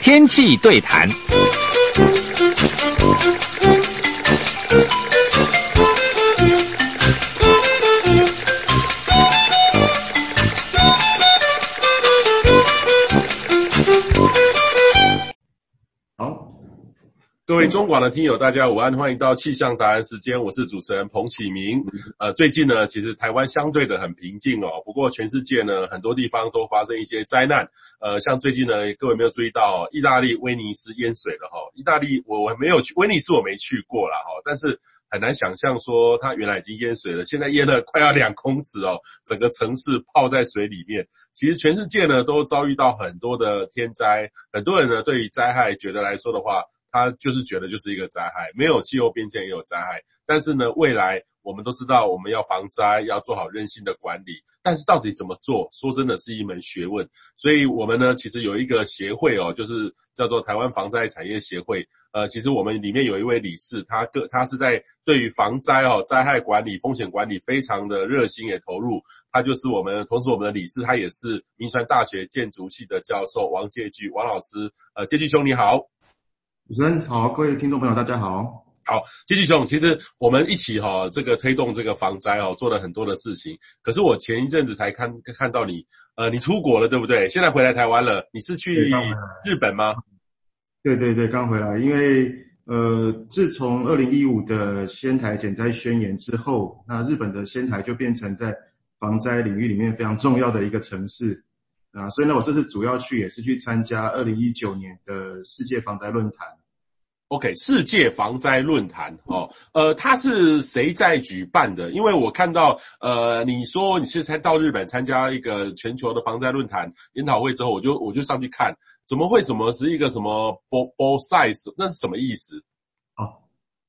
天氣對談。中廣的聽友，大家午安，歡迎到氣象達人時間，我是主持人彭啟明。 呃，最近呢，其實台灣相對的很平靜哦，不過全世界呢，很多地方都發生一些災難。呃，像最近呢，各位有沒有注意到，意大利威尼斯淹水了哈。意大利我我沒有去，威尼斯我沒去過啦。哈，但是很難想象說它原來已經淹水了，現在淹了快要兩公尺哦，整個城市泡在水裡面。其實全世界呢，都遭遇到很多的天災，很多人呢，對於災害覺得來說的話。他就是覺得就是一個災害，沒有氣候變遷也有災害。但是呢，未來我們都知道我們要防災，要做好韌性的管理。但是到底怎麼做？說真的是一門學問。所以我們呢，其實有一個協會哦、喔，就是叫做台灣防災產業協會。呃，其實我們裡面有一位理事，他個他是在對於防災哦災害管理、風險管理非常的熱心，也投入。他就是我們同時我們的理事，他也是銘傳大學建築系的教授王價巨，王老師。呃，價巨兄你好。主持人好，各位聽眾朋友，大家好。好，價巨兄，其實我們一起哈、哦，這個推動這個防災哦，做了很多的事情。可是我前一陣子才看看到你，呃，你出國了，對不對？現在回來台灣了，你是去日本嗎？對，對對對，剛回來。因為呃，自從2015的仙台減災宣言之後，那日本的仙台就變成在防災領域裡面非常重要的一個城市啊。所以呢，我這次主要去也是去參加2019年的世界防災論壇。OK，世界防災論壇哦，呃，它是誰在舉辦的？因為我看到，呃，你說你是才到日本參加一個全球的防災論壇研討會之後，我就我就上去看，怎麼會什麼是一個什麼 Bosai Bosai 那是什麼意思？哦，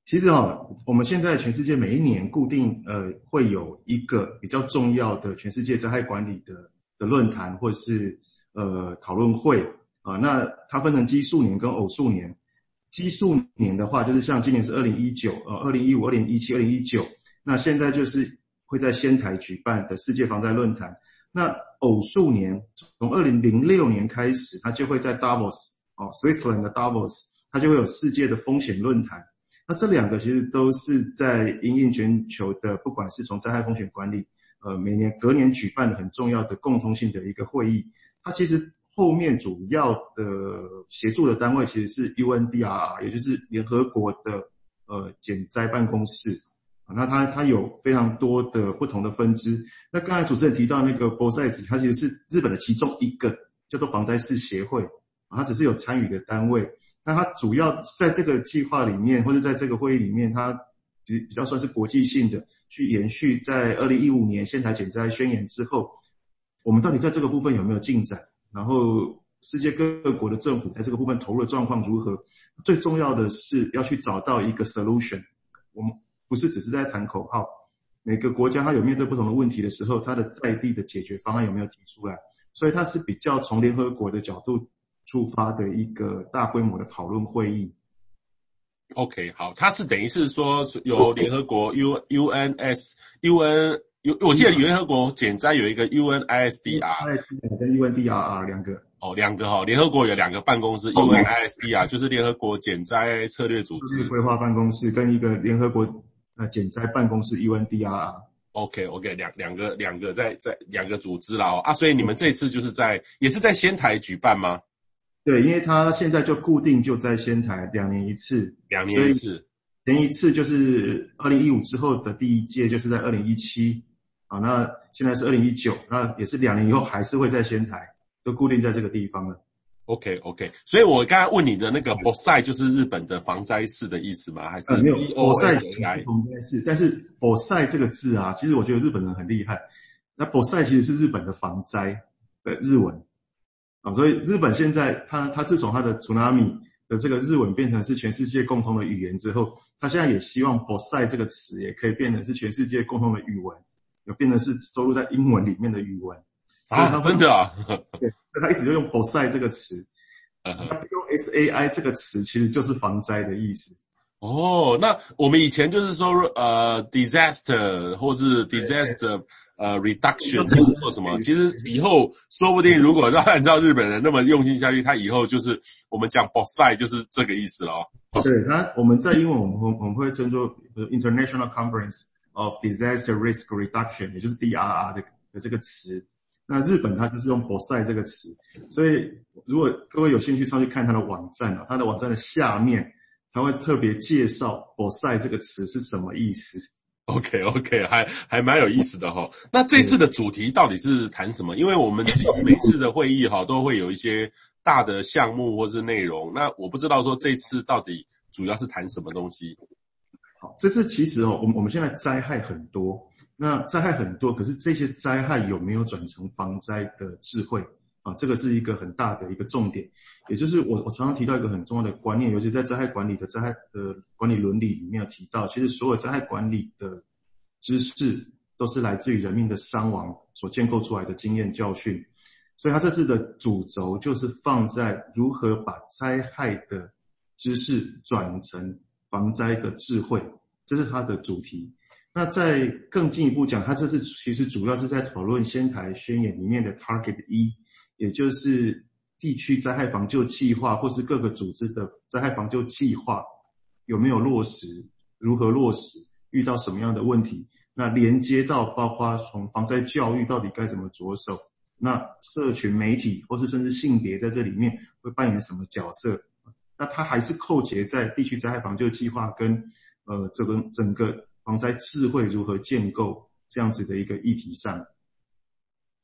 其實啊、哦，我們現在全世界每一年固定呃會有一個比較重要的全世界災害管理的的論壇或者是呃討論會啊、呃，那它分成奇數年跟偶數年。奇數年的話，就是像今年是二零一九，呃，二零一五、二零一七、二零一九，那現在就是會在仙台舉辦的世界防災論壇。那偶數年，從二零零六年開始，它就會在 Davos，哦，Switzerland 的 Davos，它就會有世界的風險論壇。那這兩個其實都是在因應全球的，不管是從災害風險管理，呃，每年隔年舉辦的很重要的共通性的一個會議，它其實。後面主要的協助的單位其實是 UNDRR，也就是聯合國的呃減災辦公室。那它它有非常多的不同的分支。那剛才主持人提到那個 Bosai，它其實是日本的其中一個叫做防災士協會，它只是有參與的單位。那它主要在這個計劃裡面，或者在這個會議裡面，它比比較算是國際性的去延續在二零一五年仙台減災宣言之後，我們到底在這個部分有沒有進展？然後，世界各個國的政府在這個部分投入的狀況如何？最重要的是要去找到一個 solution。我們不是只是在談口號。每個國家它有面對不同的問題的時候，它的在地的解決方案有沒有提出來？所以它是比較從聯合國的角度出發的一個大規模的討論會議。OK，好，它是等於是說由聯合國 UNs、哦、UN。有，我記得聯合國減災有一個 UNISDR，兩 UNISDR 跟 UNDRR 啊，兩個哦，兩個哈，聯合國有兩個辦公室、哦、UNISDR 就是聯合國減災策略組織規劃對辦公室跟一個聯合國呃減災辦公室 UNDRR。UN OK OK，兩兩個兩個在在兩個組織啦，啊，所以你們這次就是在對也是在仙台舉辦嗎？對，因為他現在就固定就在仙台兩年一次，兩年一次，前一次就是二零一五之後的第一屆就是在二零一七。好、啊，那現在是二零一九，那也是兩年以後還是會在仙台，都固定在這個地方了。OK OK，所以我剛才問你的那個“ Bosai 就是日本的防災室的意思嗎？還是、b o 啊、沒有 “Bosai” 就是，是 b o s s 是 “Bosai” 這個字啊，其實我覺得日本人很厲害。那“ Bosai 其實是日本的防災的日文啊，所以日本現在他它自從他的 tsunami 的這個日文變成是全世界共同的語言之後，他現在也希望“ Bosai 這個詞也可以變成是全世界共同的語文。有變成是收入在英文裡面的語文啊，啊真的啊、哦？ 對，他一直就用 “BOSAI” s 這個詞， 他不用 SAI 這個詞其實就是防災的意思。哦，那我們以前就是說呃、uh, “disaster” 或是 “disaster” 呃 “reduction” 就是做什麼？對其實以後說不定，如果讓他知道日本人那麼用心下去，對他以後就是我們講 “BOSAI” s 就是這個意思了哦。對他，我們在英文我們我們會稱作 “international conference”。Of disaster risk reduction，也就是 DRR、這個、的這個詞。那日本它就是用“ Bosai 這個詞，所以如果各位有興趣上去看它的網站啊，它的網站的下面它會特別介紹“ Bosai 這個詞是什麼意思。OK OK，還還蠻有意思的哈。 那這次的主題到底是談什麼？因為我們其實每次的會議哈都會有一些大的項目或是內容，那我不知道說這次到底主要是談什麼東西。這次其實哦，我們我們現在災害很多，那災害很多，可是這些災害有沒有轉成防災的智慧啊？這個是一個很大的一個重點。也就是我我常常提到一個很重要的觀念，尤其在災害管理的災害的管理倫理裡面有提到，其實所有災害管理的知識都是來自於人民的傷亡所建構出來的經驗教訓。所以，他這次的主軸就是放在如何把災害的知識轉成防災的智慧。這是它的主題。那再更進一步講，他這次其實主要是在討論《仙台宣言》裡面的 Target 一，也就是地區災害防救計劃或是各個組織的災害防救計劃有沒有落實，如何落實，遇到什麼樣的問題？那連接到包括從防災教育到底該怎麼着手，那社群媒體或是甚至性別在這裡面會扮演什麼角色？那他還是扣結在地區災害防救計劃跟。呃，這個整個防災智慧如何建構這樣子的一個議題上。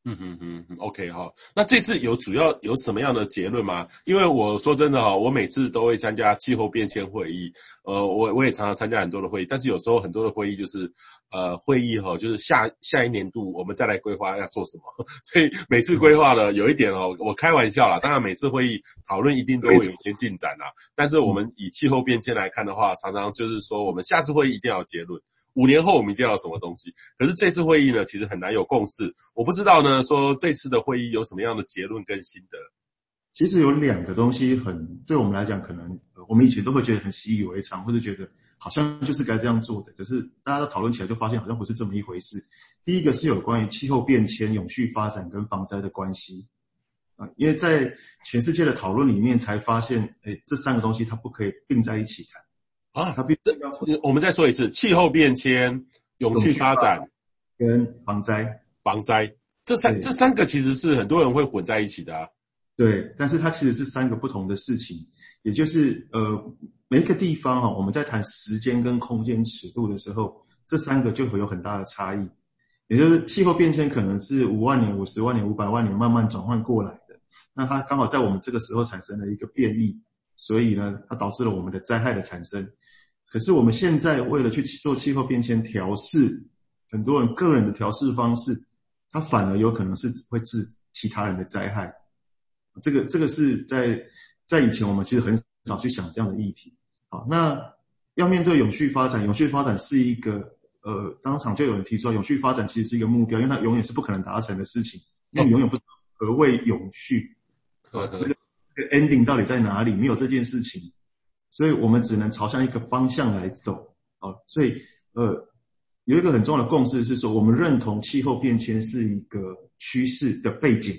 嗯哼哼、嗯、哼，OK 哈、哦，那這次有主要有什麼樣的結論嗎？因為我說真的哈，我每次都會參加氣候變遷會議，呃，我我也常常參加很多的會議，但是有時候很多的會議就是，呃，會議哈，就是下下一年度我們再來規劃要做什麼，所以每次規劃呢，嗯、有一點哦，我開玩笑啦，當然每次會議討論一定都會有一些進展啦，的但是我們以氣候變遷來看的話，常常就是說我們下次會議一定要有結論。五年後我們一定要有什麼東西？可是這次會議呢，其實很難有共識。我不知道呢，說這次的會議有什麼樣的結論跟心得。其實有兩個東西很對我們來講，可能我們以前都會覺得很習以為常，或是覺得好像就是該這樣做的。可是大家都討論起來，就發現好像不是這麼一回事。第一個是有關於氣候變遷、永續發展跟防災的關係啊，呃，因為在全世界的討論裡面，才發現哎，這三個東西它不可以併在一起談。啊，他變，我們再說一次，氣候變遷、永續發展跟防災、防災這三、對這三個其實是很多人會混在一起的啊。對，但是它其實是三個不同的事情，也就是呃，每一個地方哈、哦，我們在談時間跟空間尺度的時候，這三個就會有很大的差異。也就是氣候變遷可能是五萬年、五十萬年、五百萬年慢慢轉換過來的，那它剛好在我們這個時候產生了一個變異。所以呢，它導致了我們的災害的產生。可是我們現在為了去做氣候變遷調適，很多人個人的調適方式，它反而有可能是會致其他人的災害。這個這個是在在以前我們其實很少去想這樣的議題。好，那要面對永續發展，永續發展是一個呃，當場就有人提出，永續發展其實是一個目標，因為它永遠是不可能達成的事情，因為永遠不知何謂永續。可可的。啊 ending 到底在哪裡？沒有這件事情，所以我們只能朝向一個方向來走。好，所以呃，有一個很重要的共識是說，我們認同氣候變遷是一個趨勢的背景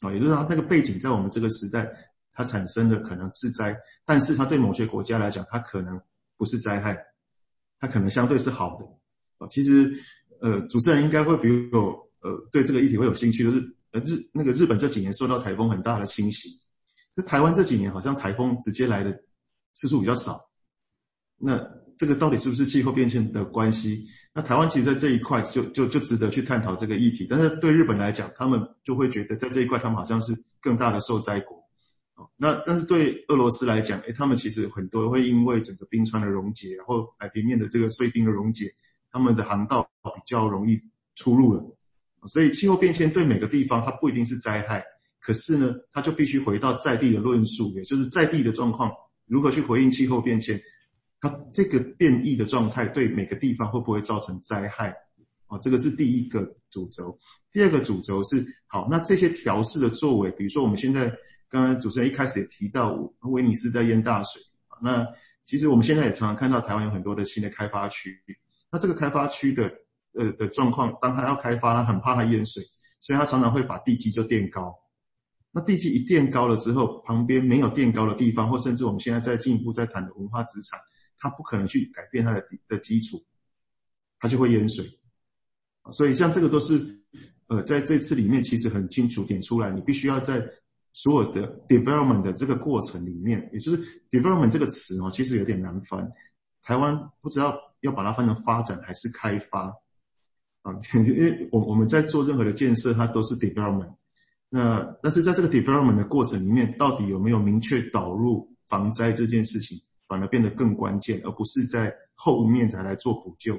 啊，也就是它那個背景在我們這個時代它產生的可能是災，但是它對某些國家來講，它可能不是災害，它可能相對是好的啊。其實呃，主持人應該會比我呃對這個議題會有興趣，就是呃日那個日本這幾年受到台風很大的侵襲。這台灣這幾年好像台風直接來的次數比較少，那這個到底是不是氣候變遷的關係？那台灣其實在這一塊就就就值得去探討這個議題。但是對日本來講，他們就會覺得在這一塊他們好像是更大的受災國。那但是對俄羅斯來講，誒、欸，他們其實很多會因為整個冰川的溶解，然後海平面的這個碎冰的溶解，他們的航道比較容易出入了。所以氣候變遷對每個地方它不一定是災害。可是呢，他就必須回到在地的論述，也就是在地的狀況，如何去回應氣候變遷？他這個變異的狀態對每個地方會不會造成災害？啊、哦，這個是第一個主軸。第二個主軸是，好，那這些調適的作為，比如說我們現在剛剛主持人一開始也提到，威尼斯在淹大水，那其實我們現在也常常看到台灣有很多的新的開發區，那這個開發區的呃的狀況，當它要開發，很怕它淹水，所以它常常會把地基就墊高。那地基一墊高了之後，旁邊沒有墊高的地方，或甚至我們現在在進一步在談的文化資產，它不可能去改變它的的基礎，它就會淹水。所以像這個都是，呃，在這次裡面其實很清楚點出來，你必須要在所有的 development 的這個過程裡面，也就是 development 這個詞哦，其實有點難翻。台灣不知道要把它翻成發展還是開發，啊，因為我我們在做任何的建設，它都是 development。那但是在這個 development 的過程裡面，到底有沒有明確導入防災這件事情，反而變得更關鍵，而不是在後面才來做補救。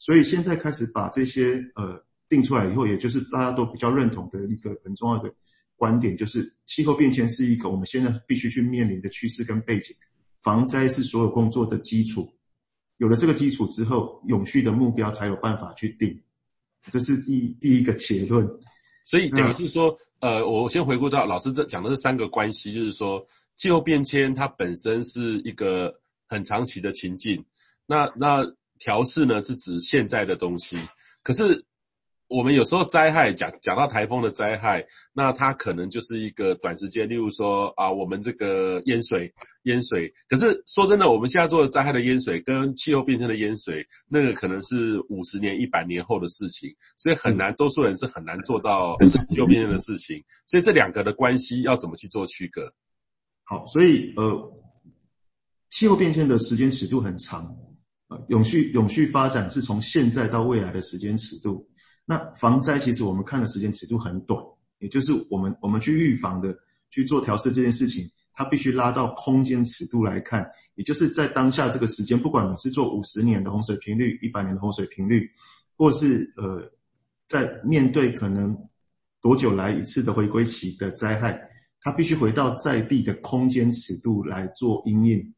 所以現在開始把這些呃定出來以後，也就是大家都比較認同的一個很重要的觀點，就是氣候變遷是一個我們現在必須去面臨的趨勢跟背景，防災是所有工作的基礎。有了這個基礎之後，永續的目標才有辦法去定。這是第一第一個結論。所以假如是說，嗯、呃，我先回顧到老師這講的這三個關係，就是說氣候變遷它本身是一個很長期的情境。那那調適呢是指現在的東西，可是。我們有時候災害講講到台風的災害，那它可能就是一個短時間，例如說啊，我們這個淹水淹水。可是說真的，我們現在做的災害的淹水，跟氣候變遷的淹水，那個可能是五十年、一百年後的事情，所以很難，嗯、多數人是很難做到、嗯、氣候變遷的事情。所以這兩個的關係要怎麼去做區隔？好，所以呃，氣候變遷的時間尺度很長，呃、永續永續發展是從現在到未來的時間尺度。那防災其實我們看的時間尺度很短，也就是我們我們去預防的去做調適這件事情，它必須拉到空間尺度來看，也就是在當下這個時間，不管你是做五十年的洪水頻率、一百年的洪水頻率，或是呃在面對可能多久來一次的回歸期的災害，它必須回到在地的空間尺度來做因應。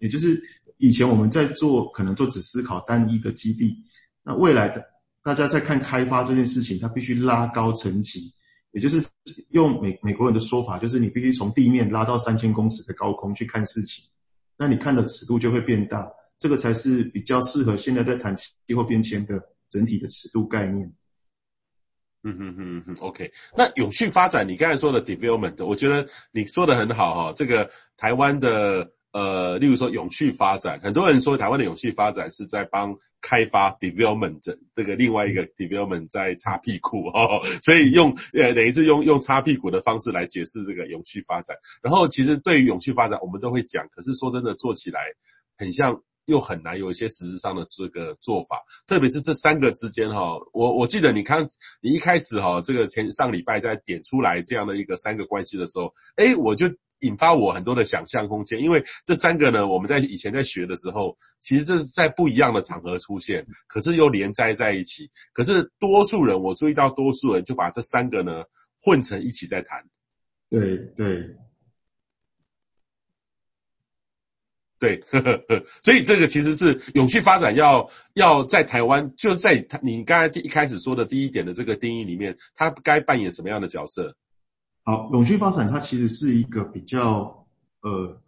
也就是以前我們在做可能就只思考單一的基地，那未來的。大家在看開發這件事情，它必須拉高層級，也就是用美美國人的說法，就是你必須從地面拉到三千公尺的高空去看事情，那你看的尺度就會變大，這個才是比較適合現在在談氣候變遷的整體的尺度概念。嗯哼嗯嗯嗯，OK，那永續發展，你剛才說的 development，我覺得你說的很好哈、哦，這個台灣的。呃，例如說永續發展，很多人說台灣的永續發展是在幫開發 development，這個另外一個 development 在擦屁股哦，所以用呃等於是用用擦屁股的方式來解釋這個永續發展。然後其實對於永續發展，我們都會講，可是說真的做起來很像又很難，有一些實質上的這個做法。特別是這三個之間哈、哦，我我記得你看你一開始哈、哦，這個前上禮拜在點出來這樣的一個三個關係的時候，哎，我就。引發我很多的想象空間，因為這三個呢，我們在以前在學的時候，其實這是在不一樣的場合出現，可是又連在在一起。可是多數人，我注意到多數人就把這三個呢混成一起在談。對對對，呵呵呵，所以這個其實是永續發展要要在台灣，就是在台你剛才一開始說的第一點的這個定義裡面，他該扮演什麼樣的角色？好，永續發展它其實是一個比較，呃，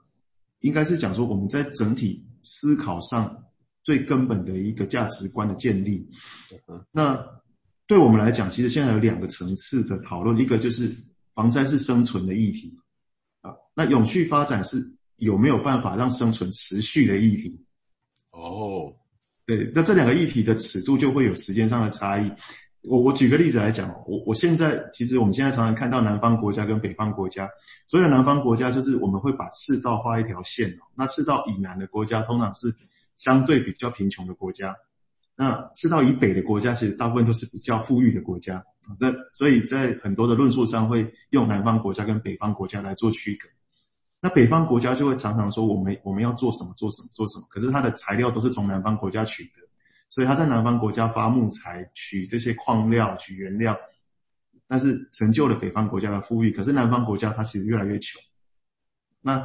應該是講說我們在整體思考上最根本的一個價值觀的建立。那對我們來講，其實現在有兩個層次的討論，一個就是防災是生存的議題，啊，那永續發展是有沒有辦法讓生存持續的議題。哦，oh. 對，那這兩個議題的尺度就會有時間上的差異。我我舉個例子來講哦，我我現在其實我們現在常常看到南方國家跟北方國家，所以南方國家就是我們會把赤道畫一條線哦，那赤道以南的國家通常是相對比較貧窮的國家，那赤道以北的國家其實大部分都是比較富裕的國家，那所以在很多的論述上會用南方國家跟北方國家來做區隔，那北方國家就會常常說我們我們要做什麼做什麼做什麼，可是它的材料都是從南方國家取得。所以他在南方國家發木材、取這些礦料、取原料，但是成就了北方國家的富裕。可是南方國家它其實越來越窮。那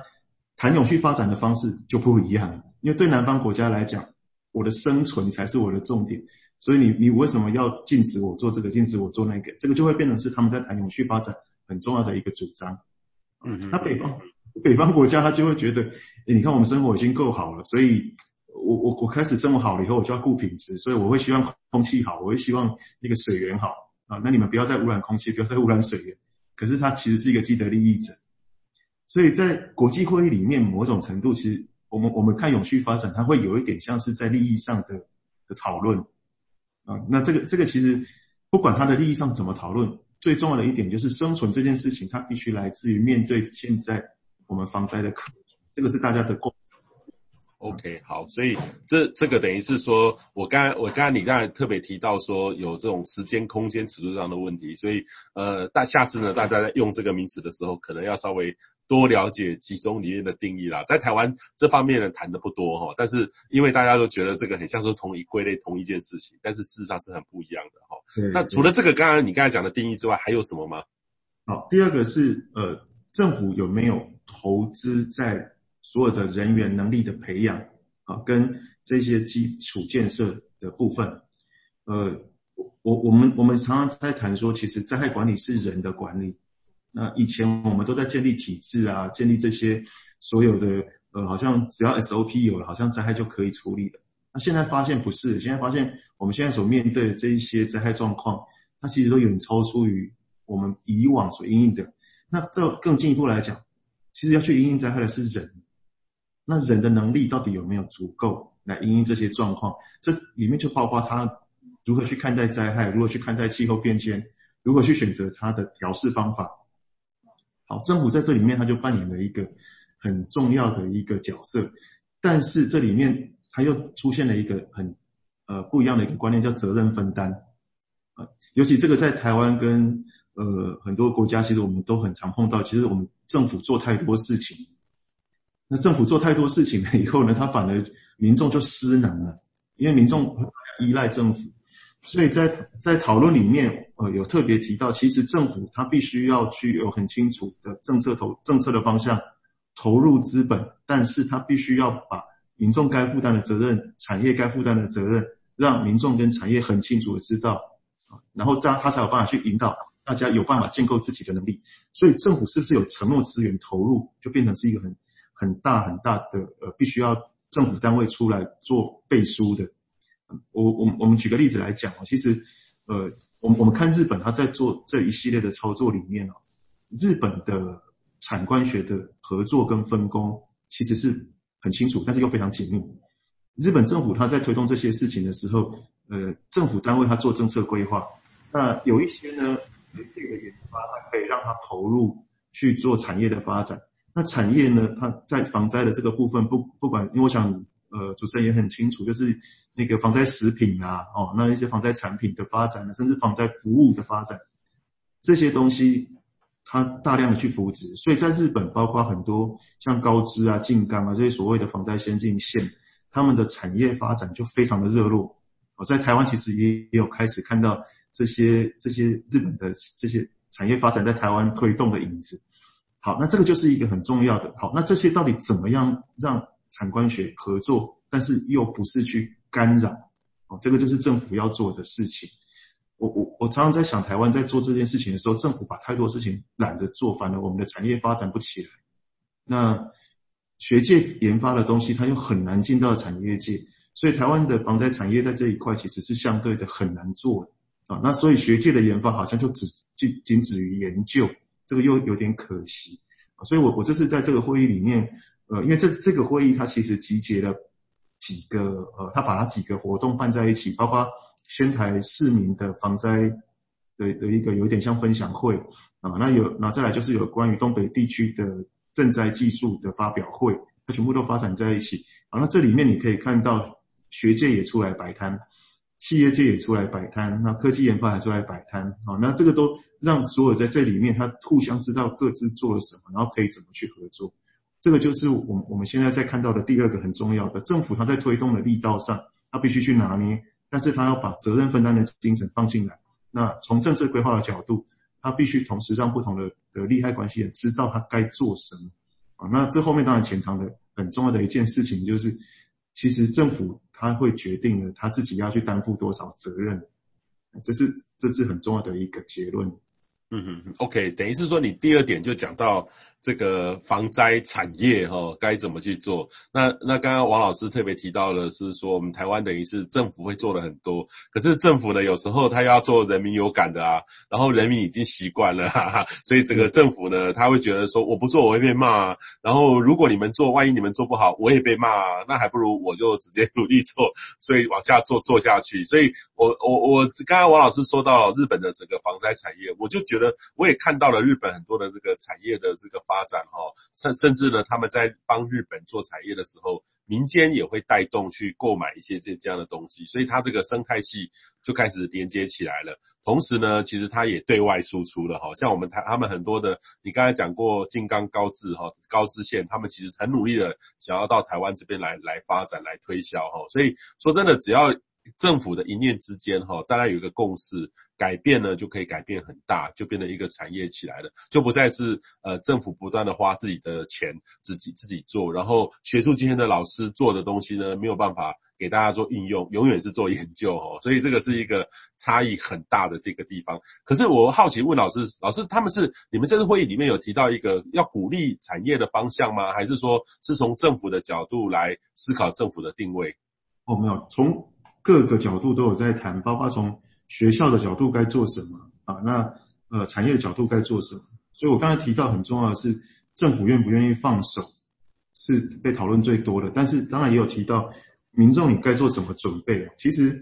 談永續發展的方式就不一樣，因為對南方國家來講，我的生存才是我的重點。所以你你為什麼要禁止我做這個、禁止我做那個？這個就會變成是他們在談永續發展很重要的一個主張、嗯。嗯，那、嗯、北方北方國家他就會覺得，欸、你看我們生活已經夠好了，所以。我我我開始生活好了以後，我就要顧品質，所以我會希望空氣好，我會希望那個水源好啊。那你們不要再污染空氣，不要再污染水源。可是它其實是一個既得利益者，所以在國際會議裡面，某種程度其實我們我們看永續發展，它會有一點像是在利益上的的討論啊。那這個這個其實不管它的利益上怎麼討論，最重要的一點就是生存這件事情，它必須來自於面對現在我們防災的可能，這個是大家的共。OK，好，所以這這個等於是說，我剛我剛才你剛才特別提到說有這種時間、空間、尺度上的問題，所以呃，大下次呢，大家在用這個名詞的時候，可能要稍微多了解其中裡面的定義啦。在台灣這方面呢，談得不多哈、喔，但是因為大家都覺得這個很像是同一歸類同一件事情，但是事實上是很不一樣的哈、喔。對對對，那除了這個剛剛你剛才講的定義之外，還有什麼嗎？好，第二個是呃，政府有沒有投資在？所有的人員能力的培養啊，跟這些基礎建設的部分，呃，我我們我們常常在談說，其實災害管理是人的管理。那以前我們都在建立體制啊，建立這些所有的，呃，好像只要 SOP 有了，好像災害就可以處理了。那現在發現不是，現在發現我們現在所面對的這一些災害狀況，它其實都有點超出於我們以往所因應的。那這更進一步來講，其實要去因應災害的是人。那人的能力到底有沒有足夠來因應這些狀況？這裡面就包括他如何去看待災害，如何去看待氣候變遷，如何去選擇他的調適方法。好，政府在這裡面他就扮演了一個很重要的一個角色，但是這裡面他又出現了一個很呃不一樣的一個觀念，叫責任分擔。尤其這個在台灣跟呃很多國家，其實我們都很常碰到。其實我們政府做太多事情。那政府做太多事情了，以後呢，他反而民眾就失能了，因為民眾依賴政府，所以在在討論裡面，呃，有特別提到，其實政府他必須要去有很清楚的政策投政策的方向，投入資本，但是他必須要把民眾該負擔的責任、產業該負擔的責任，讓民眾跟產業很清楚的知道，然後這樣他才有辦法去引導大家有辦法建構自己的能力，所以政府是不是有承諾資源投入，就變成是一個很。很大很大的呃，必須要政府單位出來做背書的。我我我們舉個例子來講哦，其實，呃，我們我們看日本，他在做這一系列的操作裡面哦，日本的產官學的合作跟分工其實是很清楚，但是又非常緊密。日本政府他在推動這些事情的時候，呃，政府單位他做政策規劃，那有一些呢，這個研發它可以讓他投入去做產業的發展。那產業呢，它在防災的這個部分不不管，因為我想，呃，主持人也很清楚，就是那個防災食品啊，哦，那一些防災產品的發展，甚至防災服務的發展，這些東西它大量的去扶植，所以在日本，包括很多像高知啊、靜岡啊這些所謂的防災先進縣，他們的產業發展就非常的熱絡。我在台灣其實也，也有開始看到這些這些日本的這些產業發展在台灣推動的影子。好，那這個就是一個很重要的。好，那這些到底怎麼樣讓產官學合作，但是又不是去干擾？哦，這個就是政府要做的事情。我我我常常在想，台灣在做這件事情的時候，政府把太多事情攬着做，反而我們的產業發展不起來。那學界研發的東西，它又很難進到產業界，所以台灣的防災產業在這一塊其實是相對的很難做的。啊、哦，那所以學界的研發好像就只僅僅止於研究。這個又有點可惜，所以我我這次在這個會議裡面，呃，因為這這個會議它其實集結了幾個，呃，它把它幾個活動辦在一起，包括仙台市民的防災的的一個有點像分享會啊，那有那再來就是有關於東北地區的震災技術的發表會，它全部都發展在一起啊，那這裡面你可以看到學界也出來擺攤，企業界也出來擺攤，那科技研發也出來擺攤，那這個都讓所有在這裡面，他互相知道各自做了什麼，然後可以怎麼去合作。這個就是我我們現在在看到的第二個很重要的，政府他在推動的力道上，他必須去拿捏，但是他要把責任分擔的精神放進來。那從政策規劃的角度，他必須同時讓不同的的利害關係人知道他該做什麼。啊，那這後面當然潛藏的很重要的一件事情就是，其實政府。他會決定了他自己要去擔負多少責任，這是這是很重要的一個結論嗯。嗯嗯嗯 OK 等於是說你第二點就講到。這個防災產業哈、哦，該怎麼去做？那那剛剛王老師特別提到了，是說我們台灣等於是政府會做了很多，可是政府呢，有時候他要做人民有感的啊，然後人民已經習慣了、啊，所以這個政府呢，他會覺得說我不做我會被罵，然後如果你們做，萬一你們做不好，我也被罵，那還不如我就直接努力做，所以往下做做下去。所以我我我剛剛王老師說到了日本的整個防災產業，我就覺得我也看到了日本很多的這個產業的這個。發展哈，甚甚至呢，他們在幫日本做產業的時候，民間也會帶動去購買一些這這樣的東西，所以它這個生態系就開始連接起來了。同時呢，其實它也對外輸出了哈，像我們台他們很多的，你剛才講過金剛高智哈高智線，他們其實很努力的想要到台灣這邊來來發展來推銷哈。所以說真的，只要政府的一念之間哈，大家有一個共識。改變呢，就可以改變很大，就變成一個產業起來了，就不再是呃政府不斷地花自己的錢，自己自己做，然後學術今天的老師做的東西呢，沒有辦法給大家做應用，永遠是做研究哦，所以這個是一個差異很大的這個地方。可是我好奇問老師，老師他們是你們這次會議裡面有提到一個要鼓勵產業的方向嗎？還是說是從政府的角度來思考政府的定位？哦，沒有，從各個角度都有在談，包括從。學校的角度該做什麼啊？那呃產業的角度該做什麼？所以，我剛才提到很重要的是政府願不願意放手，是被討論最多的。但是當然也有提到民眾你該做什麼準備。其實，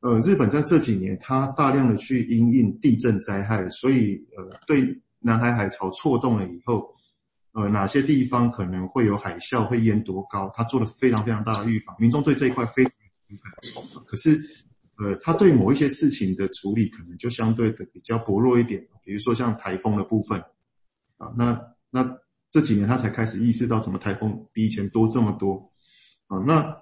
呃，日本在這幾年它大量的去因應地震災害，所以呃對南海海潮錯動了以後，呃哪些地方可能會有海嘯，會淹多高？它做了非常非常大的預防，民眾對這一塊非常敏感、呃。可是。呃，他對某一些事情的處理可能就相對的比較薄弱一點，比如說像台風的部分啊，那那這幾年他才開始意識到，怎麼台風比以前多這麼多啊？那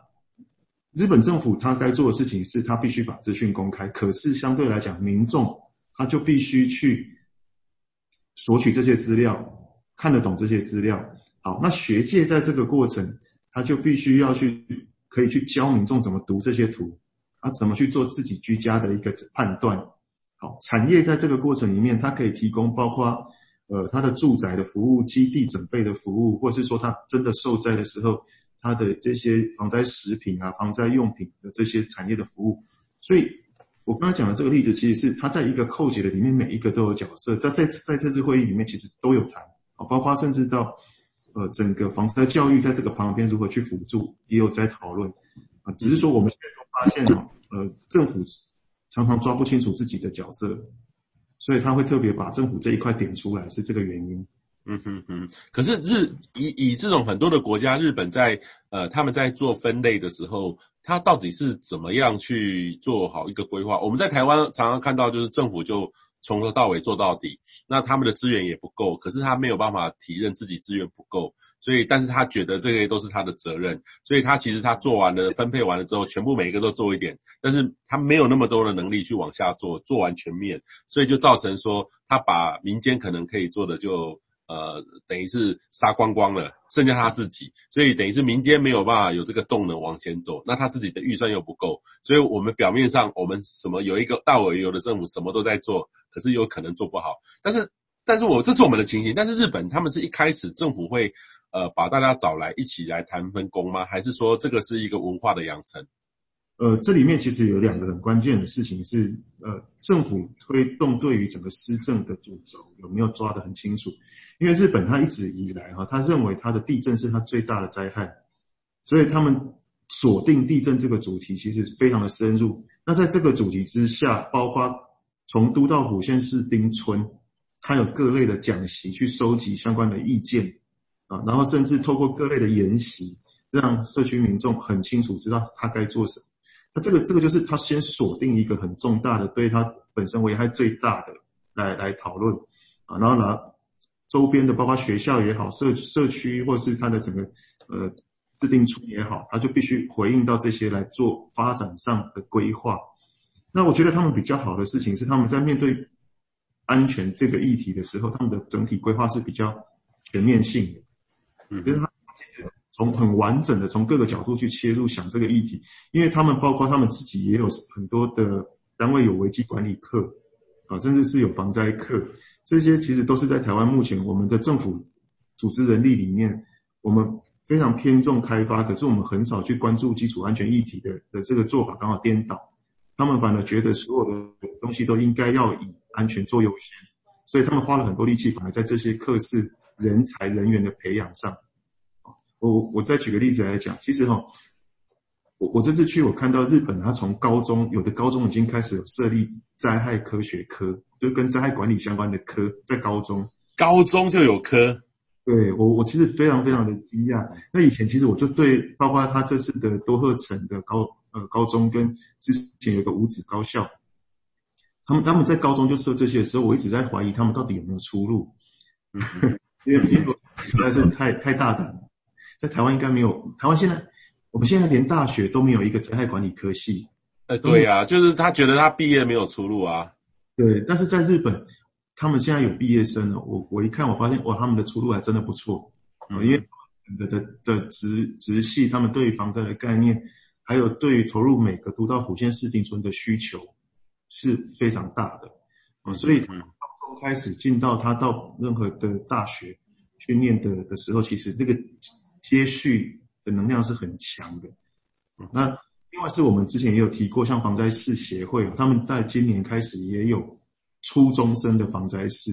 日本政府他該做的事情是他必須把資訊公開，可是相對來講，民眾他就必須去索取這些資料，看得懂這些資料。好，那學界在這個過程，他就必須要去可以去教民眾怎麼讀這些圖。他、啊、怎麼去做自己居家的一個判斷？好，產業在這個過程裡面，它可以提供包括，呃，它的住宅的服務，基地準備的服務，或是說它真的受災的時候，它的這些防災食品啊、防災用品的這些產業的服務。所以，我剛才講的這個例子，其實是它在一個扣解的裡面，每一個都有角色，在這在，在這次會議裡面，其實都有談，好，包括甚至到，呃，整個防災教育在這個旁邊如何去輔助，也有在討論，啊，只是說我們、嗯。發現哦，呃，政府常常抓不清楚自己的角色，所以他會特別把政府這一塊點出來，是這個原因。嗯哼哼。可是日以以這種很多的國家，日本在呃他們在做分類的時候，他到底是怎麼樣去做好一個規劃？我們在台灣常常看到就是政府就從頭到尾做到底，那他們的資源也不夠，可是他沒有辦法體認自己資源不夠。所以，但是他覺得這些都是他的責任，所以他其實他做完了分配完了之後，全部每一個都做一點，但是他沒有那麼多的能力去往下做，做完全面，所以就造成說他把民間可能可以做的就呃等於是殺光光了，剩下他自己，所以等於是民間沒有辦法有這個動能往前走，那他自己的預算又不夠，所以我們表面上我們什麼有一個大有為的政府什麼都在做，可是有可能做不好，但是但是我這是我們的情形，但是日本他們是一開始政府會。呃，把大家找來一起來談分工嗎？還是說這個是一個文化的養成？呃，這裡面其實有兩個很關鍵的事情是，呃，政府推動對於整個施政的主軸有沒有抓得很清楚？因為日本他一直以來哈，他、啊、認為他的地震是他最大的災害，所以他們鎖定地震這個主題其實非常的深入。那在這個主題之下，包括從都道府縣市町村，他有各類的講習去收集相關的意見。啊，然後甚至透過各類的研習，讓社區民眾很清楚知道他該做什麼。那這個這個就是他先鎖定一個很重大的，對他本身危害最大的來來討論，啊，然後呢周邊的，包括學校也好，社社區或是他的整個呃制定處也好，他就必須回應到這些來做發展上的規劃。那我覺得他們比較好的事情是，他們在面對安全這個議題的時候，他們的整體規劃是比較全面性的。其實他其實從很完整的從各個角度去切入，想這個議題，因為他們包括他們自己也有很多的單位有危機管理課，啊，甚至是有防災課。這些其實都是在台灣目前我們的政府組織人力裡面，我們非常偏重開發，可是我們很少去關注基礎安全議題的的這個做法，剛好顛倒。他們反而覺得所有的東西都應該要以安全做優先，所以他們花了很多力氣，反而在這些課室。人才人員的培養上，我我再舉個例子來講，其實齁，我我這次去我看到日本，他從高中有的高中已經開始有設立災害科學科，就跟災害管理相關的科，在高中高中就有科，對我我其實非常非常的驚訝。嗯、那以前其實我就對，包括他這次的多賀城的高呃高中跟之前有一個五子高校，他們他們在高中就設這些的時候，我一直在懷疑他們到底有沒有出路。嗯嗯 因為蘋果實在是太太大膽了，在台灣應該沒有，台灣現在，我們現在連大學都沒有一個災害管理科系。呃，對啊，嗯、就是他覺得他畢業沒有出路啊。對，但是在日本，他們現在有畢業生了，我我一看，我發現哇，他們的出路還真的不錯。嗯、因為的的的直直系，他們對於防災的概念，還有對於投入每個都道府縣市町村的需求，是非常大的。哦、所以。嗯開始進到他到任何的大學去念的的時候，其實那個接續的能量是很強的。那另外是我們之前也有提過，像防災士協會啊，他們在今年開始也有初中生的防災士。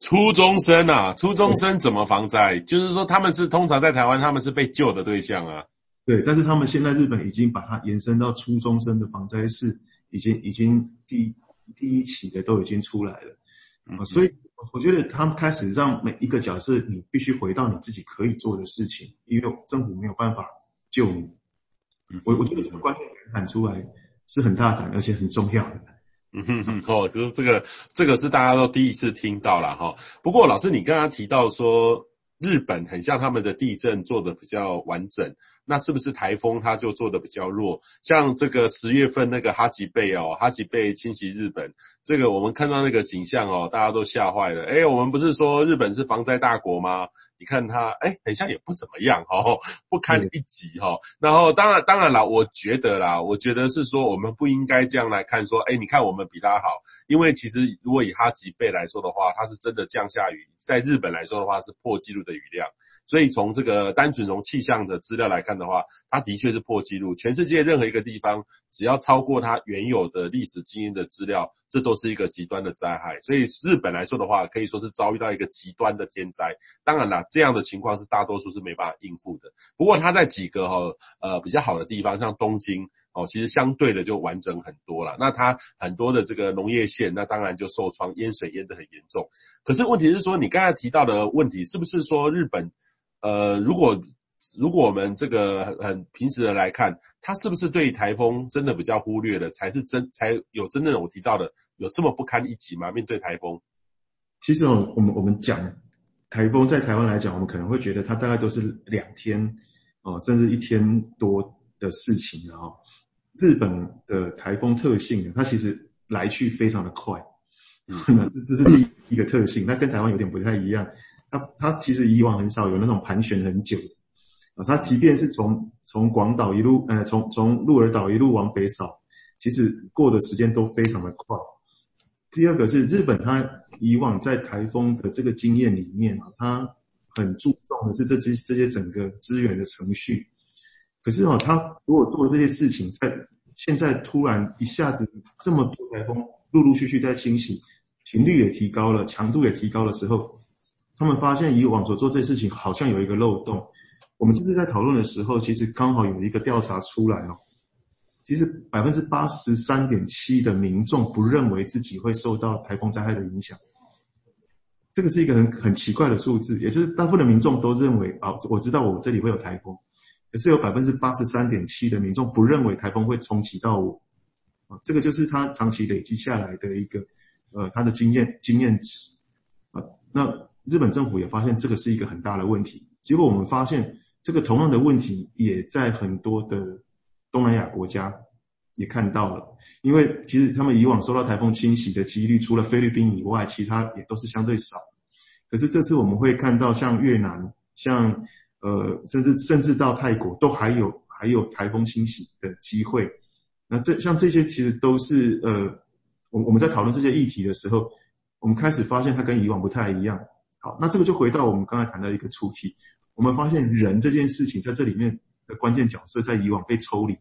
初中生啊，初中生怎麼防災？對就是說他們是通常在台灣他們是被救的對象啊。對，但是他們現在日本已經把它延伸到初中生的防災士，已經已經第第一期的都已經出來了。嗯、所以我覺得他們開始讓每一個角色，你必須回到你自己可以做的事情，因為政府沒有辦法救你。我、嗯、哼我覺得這個觀念喊出來是很大膽，而且很重要的。嗯哼哼，哦，就是這個，這個是大家都第一次聽到了哈。不過老師，你剛剛提到說。日本很像他們的地震做的比較完整，那是不是颱風它就做的比較弱？像這個十月份那個哈吉貝哦，哈吉貝侵襲日本，這個我們看到那個景象哦，大家都嚇壞了。哎，我們不是說日本是防災大國嗎？你看它，哎，等下也不怎麼樣哈，不堪一擊哈。嗯、然後，當然，當然啦，我覺得啦，我覺得是說，我們不應該這樣來看，說，哎，你看我們比它好。因為其實，如果以哈吉貝來說的話，它是真的降下雨，在日本來說的話是破紀錄的雨量。所以從這個單純從氣象的資料來看的話，它的確是破紀錄。全世界任何一個地方，只要超過它原有的歷史經驗的資料。這都是一個極端的災害，所以日本來說的話，可以說是遭遇到一個極端的天災。當然啦，這樣的情況是大多數是沒辦法應付的。不過，它在幾個哈、哦、呃比較好的地方，像東京哦，其實相對的就完整很多了。那它很多的這個農業縣，那當然就受創，淹水淹得很嚴重。可是問題是說，你剛才提到的問題，是不是說日本，呃，如果如果我們這個很，很平時的來看？他是不是對颱風真的比較忽略了？才是真才有真正的我提到的有這麼不堪一擊嗎？面對颱風，其實我我們我們講颱風在台灣來講，我們可能會覺得它大概都是兩天哦，甚至一天多的事情了哦。然後日本的颱風特性呢，它其實來去非常的快，這這是第一個特性。它跟台灣有點不太一樣，它它其實以往很少有那種盤旋很久。啊，他即便是從從廣島一路，呃，從從鹿兒島一路往北掃，其實過的時間都非常的快。第二個是日本，他以往在台風的這個經驗裡面，他很注重的是這些這些整個資源的程序。可是哦，他如果做這些事情，在現在突然一下子這麼多台風陸陸續續在侵襲，頻率也提高了，強度也提高的時候，他們發現以往所做這些事情好像有一個漏洞。我們就是在討論的時候，其實剛好有一個調查出來哦，其實百分之八十三點七的民眾不認為自己會受到台風災害的影響，這個是一個很很奇怪的數字，也就是大部分的民眾都認為啊，我知道我這裡會有台風，可是有百分之八十三點七的民眾不認為台風會衝擊到我，啊，這個就是他長期累積下來的一個，呃，他的經驗經驗值，啊，那日本政府也發現這個是一個很大的問題，結果我們發現。這個同樣的問題也在很多的東南亞國家也看到了，因為其實他們以往受到台風侵襲的幾率，除了菲律賓以外，其他也都是相對少。可是這次我們會看到，像越南、像呃，甚至甚至到泰國，都還有還有台風侵襲的機會。那這像這些其實都是呃，我我們在討論這些議題的時候，我們開始發現它跟以往不太一樣。好，那這個就回到我們剛才談到一個主題。我們發現人這件事情在這裡面的關鍵角色，在以往被抽離。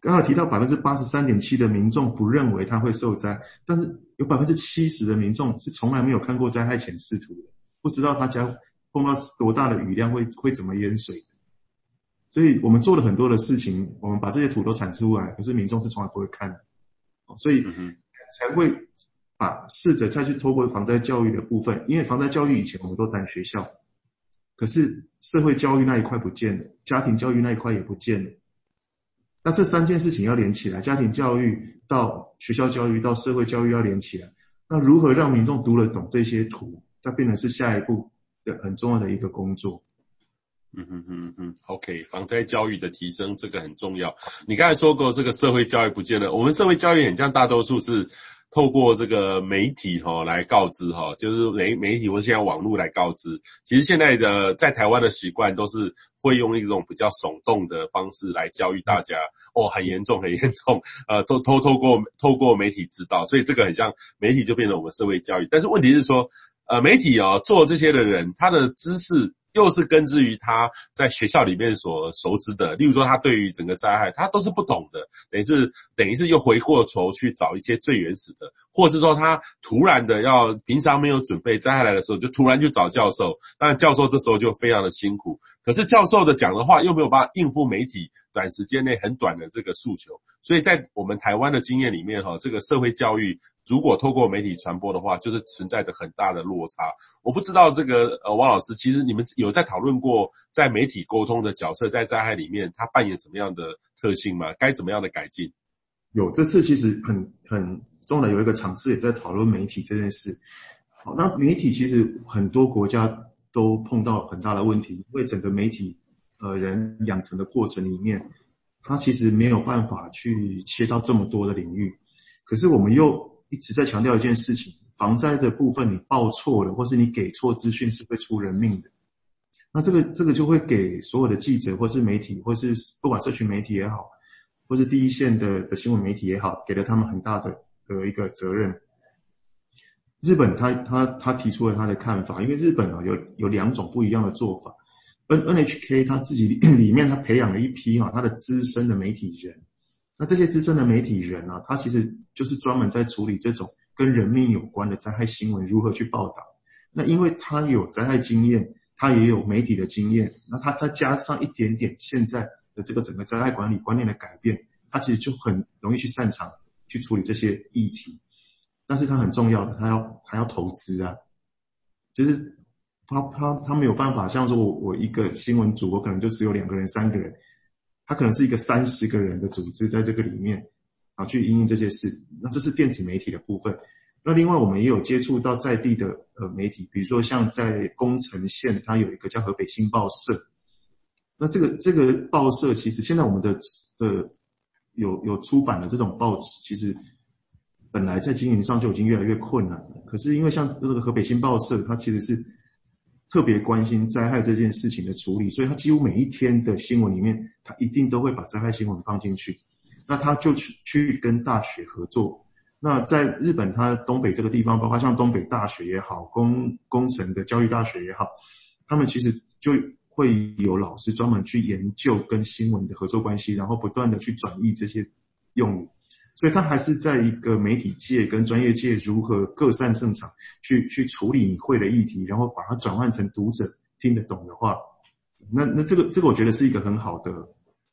剛好提到百分之八十三點七的民眾不認為他會受災，但是有百分之七十的民眾是從來沒有看過災害潛勢圖的，不知道他家碰到多大的雨量會會怎麼淹水，所以我們做了很多的事情，我們把這些圖都產出來，可是民眾是從來不會看，所以才會把試着再去透過防災教育的部分，因為防災教育以前我們都談學校。可是社會教育那一塊不見了，家庭教育那一塊也不見了，那這三件事情要連起來，家庭教育到學校教育到社會教育要連起來，那如何讓民眾讀得懂這些圖，它變成是下一步的很重要的一個工作。嗯哼嗯哼哼，OK，防災教育的提升這個很重要。你剛才說過這個社會教育不見了，我們社會教育很像大多數是。透過這個媒體哈、哦、來告知哈、哦，就是媒媒體或是現在網絡來告知。其實現在的在台灣的習慣都是會用一種比較聳動的方式來教育大家，哦，很嚴重，很嚴重。呃，透透透過透過媒體知道。所以這個很像媒體就變成我們社會教育。但是問題是說，呃，媒體哦做這些的人他的知識。又是根植於他在學校裡面所熟知的，例如說他對於整個災害，他都是不懂的。等於是等於是又回過頭去找一些最原始的，或者是說他突然的要平常沒有準備災害來的時候，就突然去找教授。但教授這時候就非常的辛苦，可是教授的講的話又沒有辦法應付媒體短時間內很短的這個訴求。所以在我們台灣的經驗裡面，哈，這個社會教育。如果透過媒體傳播的話，就是存在着很大的落差。我不知道這個呃，王老師，其實你們有在討論過在媒體溝通的角色在災害裡面它扮演什麼樣的特性嗎？該怎麼樣的改進？有，這次其實很很重要的有一個嘗試，也在討論媒體這件事。好，那媒體其實很多國家都碰到很大的問題，因為整個媒體呃人養成的過程裡面，它其實沒有辦法去切到這麼多的領域，可是我們又。一直在強調一件事情，防災的部分你報錯了，或是你給錯資訊是會出人命的。那這個這個就會給所有的記者或是媒體或是不管社群媒體也好，或是第一線的的新聞媒體也好，給了他們很大的的一個責任。日本他他他提出了他的看法，因為日本啊有有兩種不一樣的做法。N NHK 他自己裡面他培養了一批哈他的資深的媒體人。那這些資深的媒體人啊，他其實就是專門在處理這種跟人命有關的災害新聞如何去報道。那因為他有災害經驗，他也有媒體的經驗，那他再加上一點點現在的這個整個災害管理觀念的改變，他其實就很容易去擅長去處理這些議題。但是他很重要的，他要還要投資啊，就是他他他沒有辦法，像說我我一個新聞組，我可能就只有兩個人、三個人。它可能是一個三十個人的組織，在這個裡面啊去因應這些事，那這是電子媒體的部分。那另外我們也有接觸到在地的呃媒體，比如說像在宮城縣，它有一個叫河北新報社。那這個這個報社其實現在我們的的、呃、有有出版的這種報紙，其實本來在經營上就已經越來越困難了。可是因為像這個河北新報社，它其實是，特別關心災害這件事情的處理，所以他幾乎每一天的新聞裡面，他一定都會把災害新聞放進去。那他就去去跟大學合作。那在日本，他東北這個地方，包括像東北大學也好，工工程的教育大學也好，他們其實就會有老師專門去研究跟新聞的合作關係，然後不斷的去轉譯這些用語。所以，他還是在一個媒體界跟專業界如何各擅勝場去，去去處理你會的議題，然後把它轉換成讀者聽得懂的話，那那這個這個我覺得是一個很好的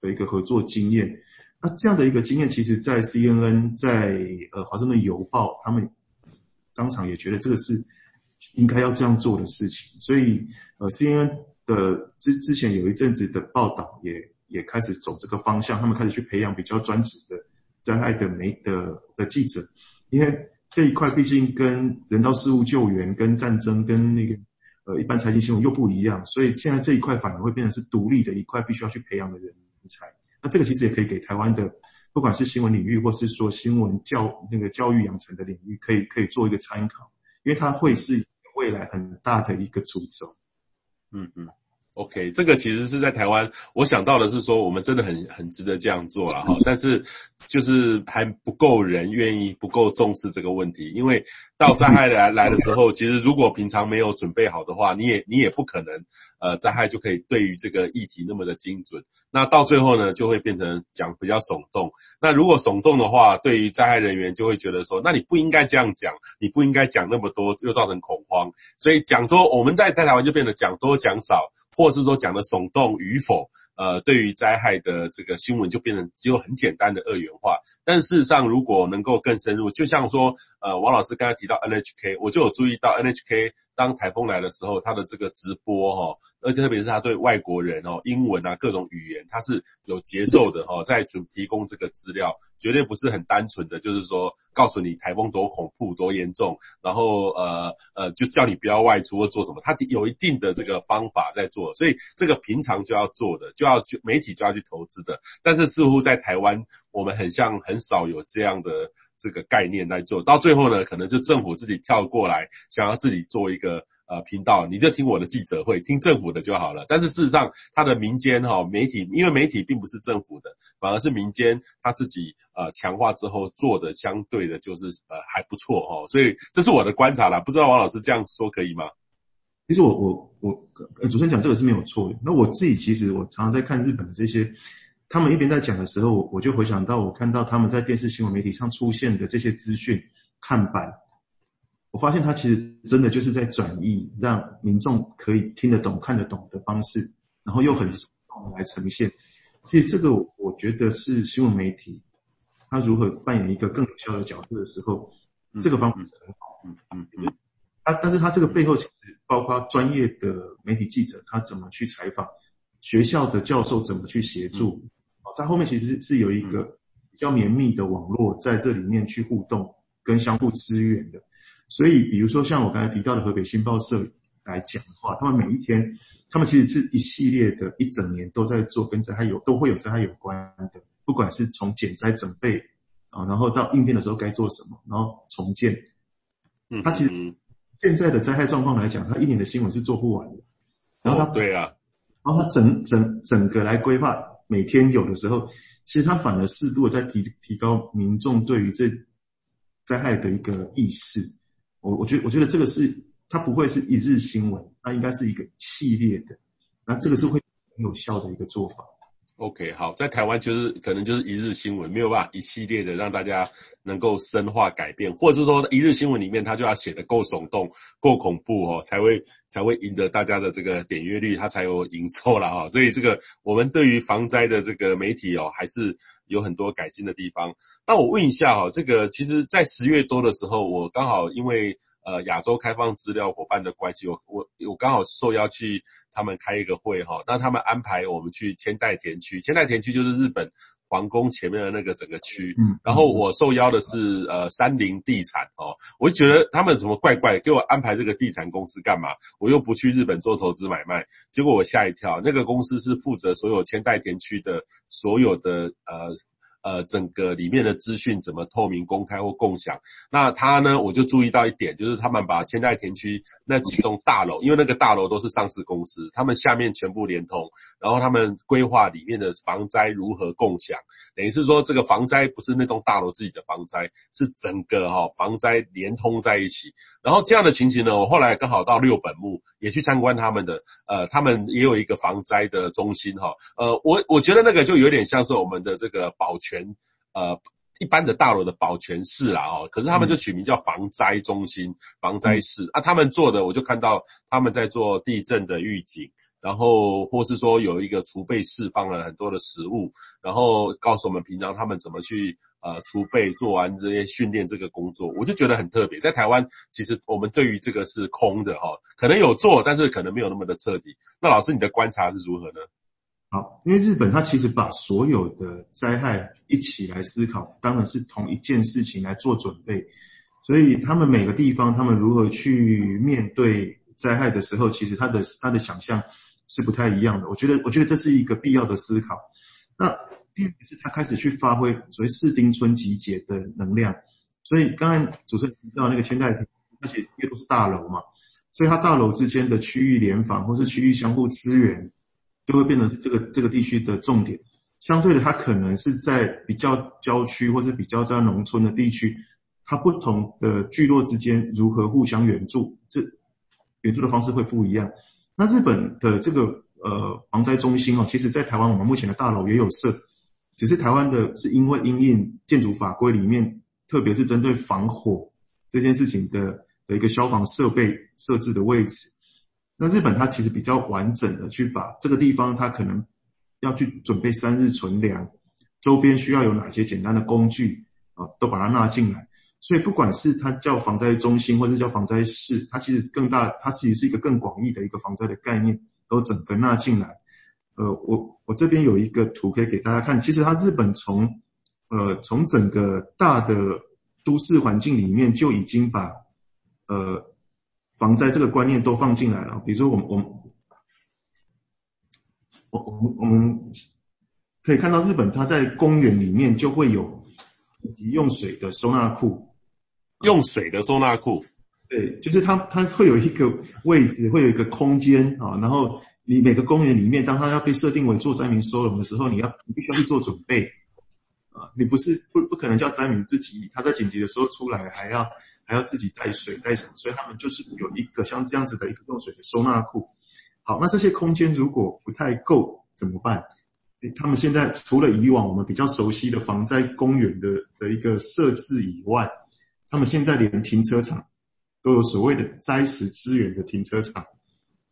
一個合作經驗。那這樣的一個經驗，其實在 CNN 在呃華盛頓郵報，他們當場也覺得這個是應該要這樣做的事情。所以，呃 CNN 的之之前有一陣子的報道也也開始走這個方向，他們開始去培養比較專職的。災害的媒的的記者，因為這一塊畢竟跟人道事務救援、跟戰爭、跟那個呃一般財經新聞又不一樣，所以現在這一塊反而會變成是獨立的一塊，必須要去培養的人才。那這個其實也可以給台灣的不管是新聞領域，或是說新聞教那個教育養成的領域，可以可以做一個參考，因為它會是未來很大的一個主軸。嗯嗯。OK，這個其實是在台灣，我想到的是說，我們真的很很值得這樣做啦哈。但是就是還不夠人願意，不夠重視這個問題。因為到災害來來的時候，其實如果平常沒有準備好的話，你也你也不可能，呃，災害就可以對於這個議題那麼的精準。那到最後呢，就會變成講比較聳動。那如果聳動的話，對於災害人員就會覺得說，那你不應該這樣講，你不應該講那麼多，又造成恐慌。所以講多，我們在在台灣就變得講多講少，或是說講的聳動與否，呃，對於災害的這個新聞就變成只有很簡單的二元化。但事實上，如果能夠更深入，就像說，呃，王老師剛才提到 NHK，我就有注意到 NHK。當台風來的時候，他的這個直播哈，而且特別是他對外國人哦，英文啊各種語言，他是有節奏的哈，在準提供這個資料，絕對不是很單純的，就是說告訴你台風多恐怖多嚴重，然後呃呃，就是要你不要外出或做什麼，他有一定的這個方法在做，所以這個平常就要做的，就要去媒體就要去投資的，但是似乎在台灣，我們很像很少有這樣的。這個概念來做到最後呢，可能就政府自己跳過來，想要自己做一個呃頻道，你就聽我的記者會，聽政府的就好了。但是事實上，他的民間哈、哦、媒體，因為媒體並不是政府的，反而是民間他自己呃強化之後做的，相對的就是呃還不錯哈、哦。所以這是我的觀察啦，不知道王老師這樣說可以嗎？其實我我我主持人講這個是沒有錯的。那我自己其實我常常在看日本的這些。他們一邊在講的時候，我就回想到我看到他們在電視新聞媒體上出現的這些資訊看板，我發現他其實真的就是在轉移，讓民眾可以聽得懂、看得懂的方式，然後又很生動的來呈現。其實這個我覺得是新聞媒體他如何扮演一個更有效的角色的時候，這個方法是很好。嗯嗯、嗯、嗯、嗯、嗯。但是他這個背後其實包括專業的媒體記者他怎麼去採訪，學校的教授怎麼去協助。它後面其實是有一個比較綿密的網絡，在這裡面去互動跟相互支援的。所以，比如說像我剛才提到的河北新報社來講的話，他們每一天，他們其實是一系列的，一整年都在做跟災害有都會有災害有關的，不管是從減災整備啊，然後到應變的時候該做什麼，然後重建。嗯，它其實現在的災害狀況來講，它一年的新聞是做不完的。然後它、哦、對啊，然後它整整整個來規劃。每天有的時候，其實他反而適度在提提高民眾對於這災害的一個意識。我，我覺得，我覺得這個是，他不會是一日新聞，它應該是一個系列的，那這個是會很有效的一個做法。OK，好，在台灣就是可能就是一日新聞，沒有辦法一系列的讓大家能夠深化改變，或者是說一日新聞裡面他就要寫得夠聳動、夠恐怖哦，才會才會贏得大家的這個點閱率，他才有營收了哈、哦。所以這個我們對於防災的這個媒體哦，還是有很多改進的地方。那我問一下哈、哦，這個其實在十月多的時候，我剛好因為。呃，亞洲開放資料夥伴的關係，我我我剛好受邀去他們開一個會哈，那、哦、他們安排我們去千代田區，千代田區就是日本皇宮前面的那個整個區，嗯、然後我受邀的是、嗯、呃三菱地產哦，我就覺得他們怎麼怪怪，給我安排這個地產公司幹嘛？我又不去日本做投資買賣，結果我嚇一跳，那個公司是負責所有千代田區的所有的呃。呃，整個裡面的資訊怎麼透明公開或共享？那他呢，我就注意到一點，就是他們把千代田區那幾棟大樓，嗯、因為那個大樓都是上市公司，他們下面全部連通，然後他們規劃裡面的防災如何共享，等於是說這個防災不是那棟大樓自己的防災，是整個哈、哦、防災連通在一起。然後這樣的情形呢，我後來剛好到六本木也去參觀他們的，呃，他們也有一個防災的中心哈、哦，呃，我我覺得那個就有點像是我們的這個保全。全呃，一般的大樓的保全室啦，哦，可是他們就取名叫防災中心、嗯、防災室啊。他們做的，我就看到他們在做地震的預警，然後或是說有一個儲備，釋放了很多的食物，然後告訴我們平常他們怎麼去呃儲備，做完這些訓練這個工作，我就覺得很特別。在台灣，其實我們對於這個是空的哈、哦，可能有做，但是可能沒有那麼的徹底。那老師，你的觀察是如何呢？好，因為日本它其實把所有的災害一起來思考，當然是同一件事情來做準備，所以他們每個地方他們如何去面對災害的時候，其實他的他的想象是不太一樣的。我覺得，我覺得這是一個必要的思考。那第二個是他開始去發揮所謂市町村集結的能量，所以剛才主持人提到那個千代田，而且又都是大樓嘛，所以它大樓之間的區域聯防或是區域相互支援。就會變成是這個這個地區的重點，相對的，它，可能是在比較郊區或是比較在農村的地區，它不同的聚落之間如何互相援助，這援助的方式會不一樣。那日本的這個呃防災中心哦，其實在台灣我們目前的大樓也有設，只是台灣的是因為因應建築法規裡面，特別是針對防火這件事情的的一個消防設備設置的位置。那日本它其實比較完整的去把這個地方，它可能要去準備三日存糧，周邊需要有哪些簡單的工具啊、呃，都把它納進來。所以不管是它叫防災中心或者叫防災市，它其實更大，它其實是一個更廣義的一個防災的概念，都整個納進來。呃，我我這邊有一個圖可以給大家看，其實它日本從呃從整個大的都市環境裡面就已經把呃防災這個觀念都放進來了。比如說我，我們我們我我們我們可以看到，日本它在公園裡面就會有急用水的收納庫。用水的收納庫。對，就是它它會有一個位置，會有一個空間啊。然後你每個公園裡面，當它要被設定為做災民收容的時候，你要你必須要去做準備啊。你不是不不可能叫災民自己他在緊急的時候出來還要。還要自己帶水帶什麼？所以他們就是有一個像這樣子的一個用水的收納庫。好，那這些空間如果不太夠怎麼辦？他們現在除了以往我們比較熟悉的防災公園的的一個設置以外，他們現在連停車場都有所謂的災時資源的停車場。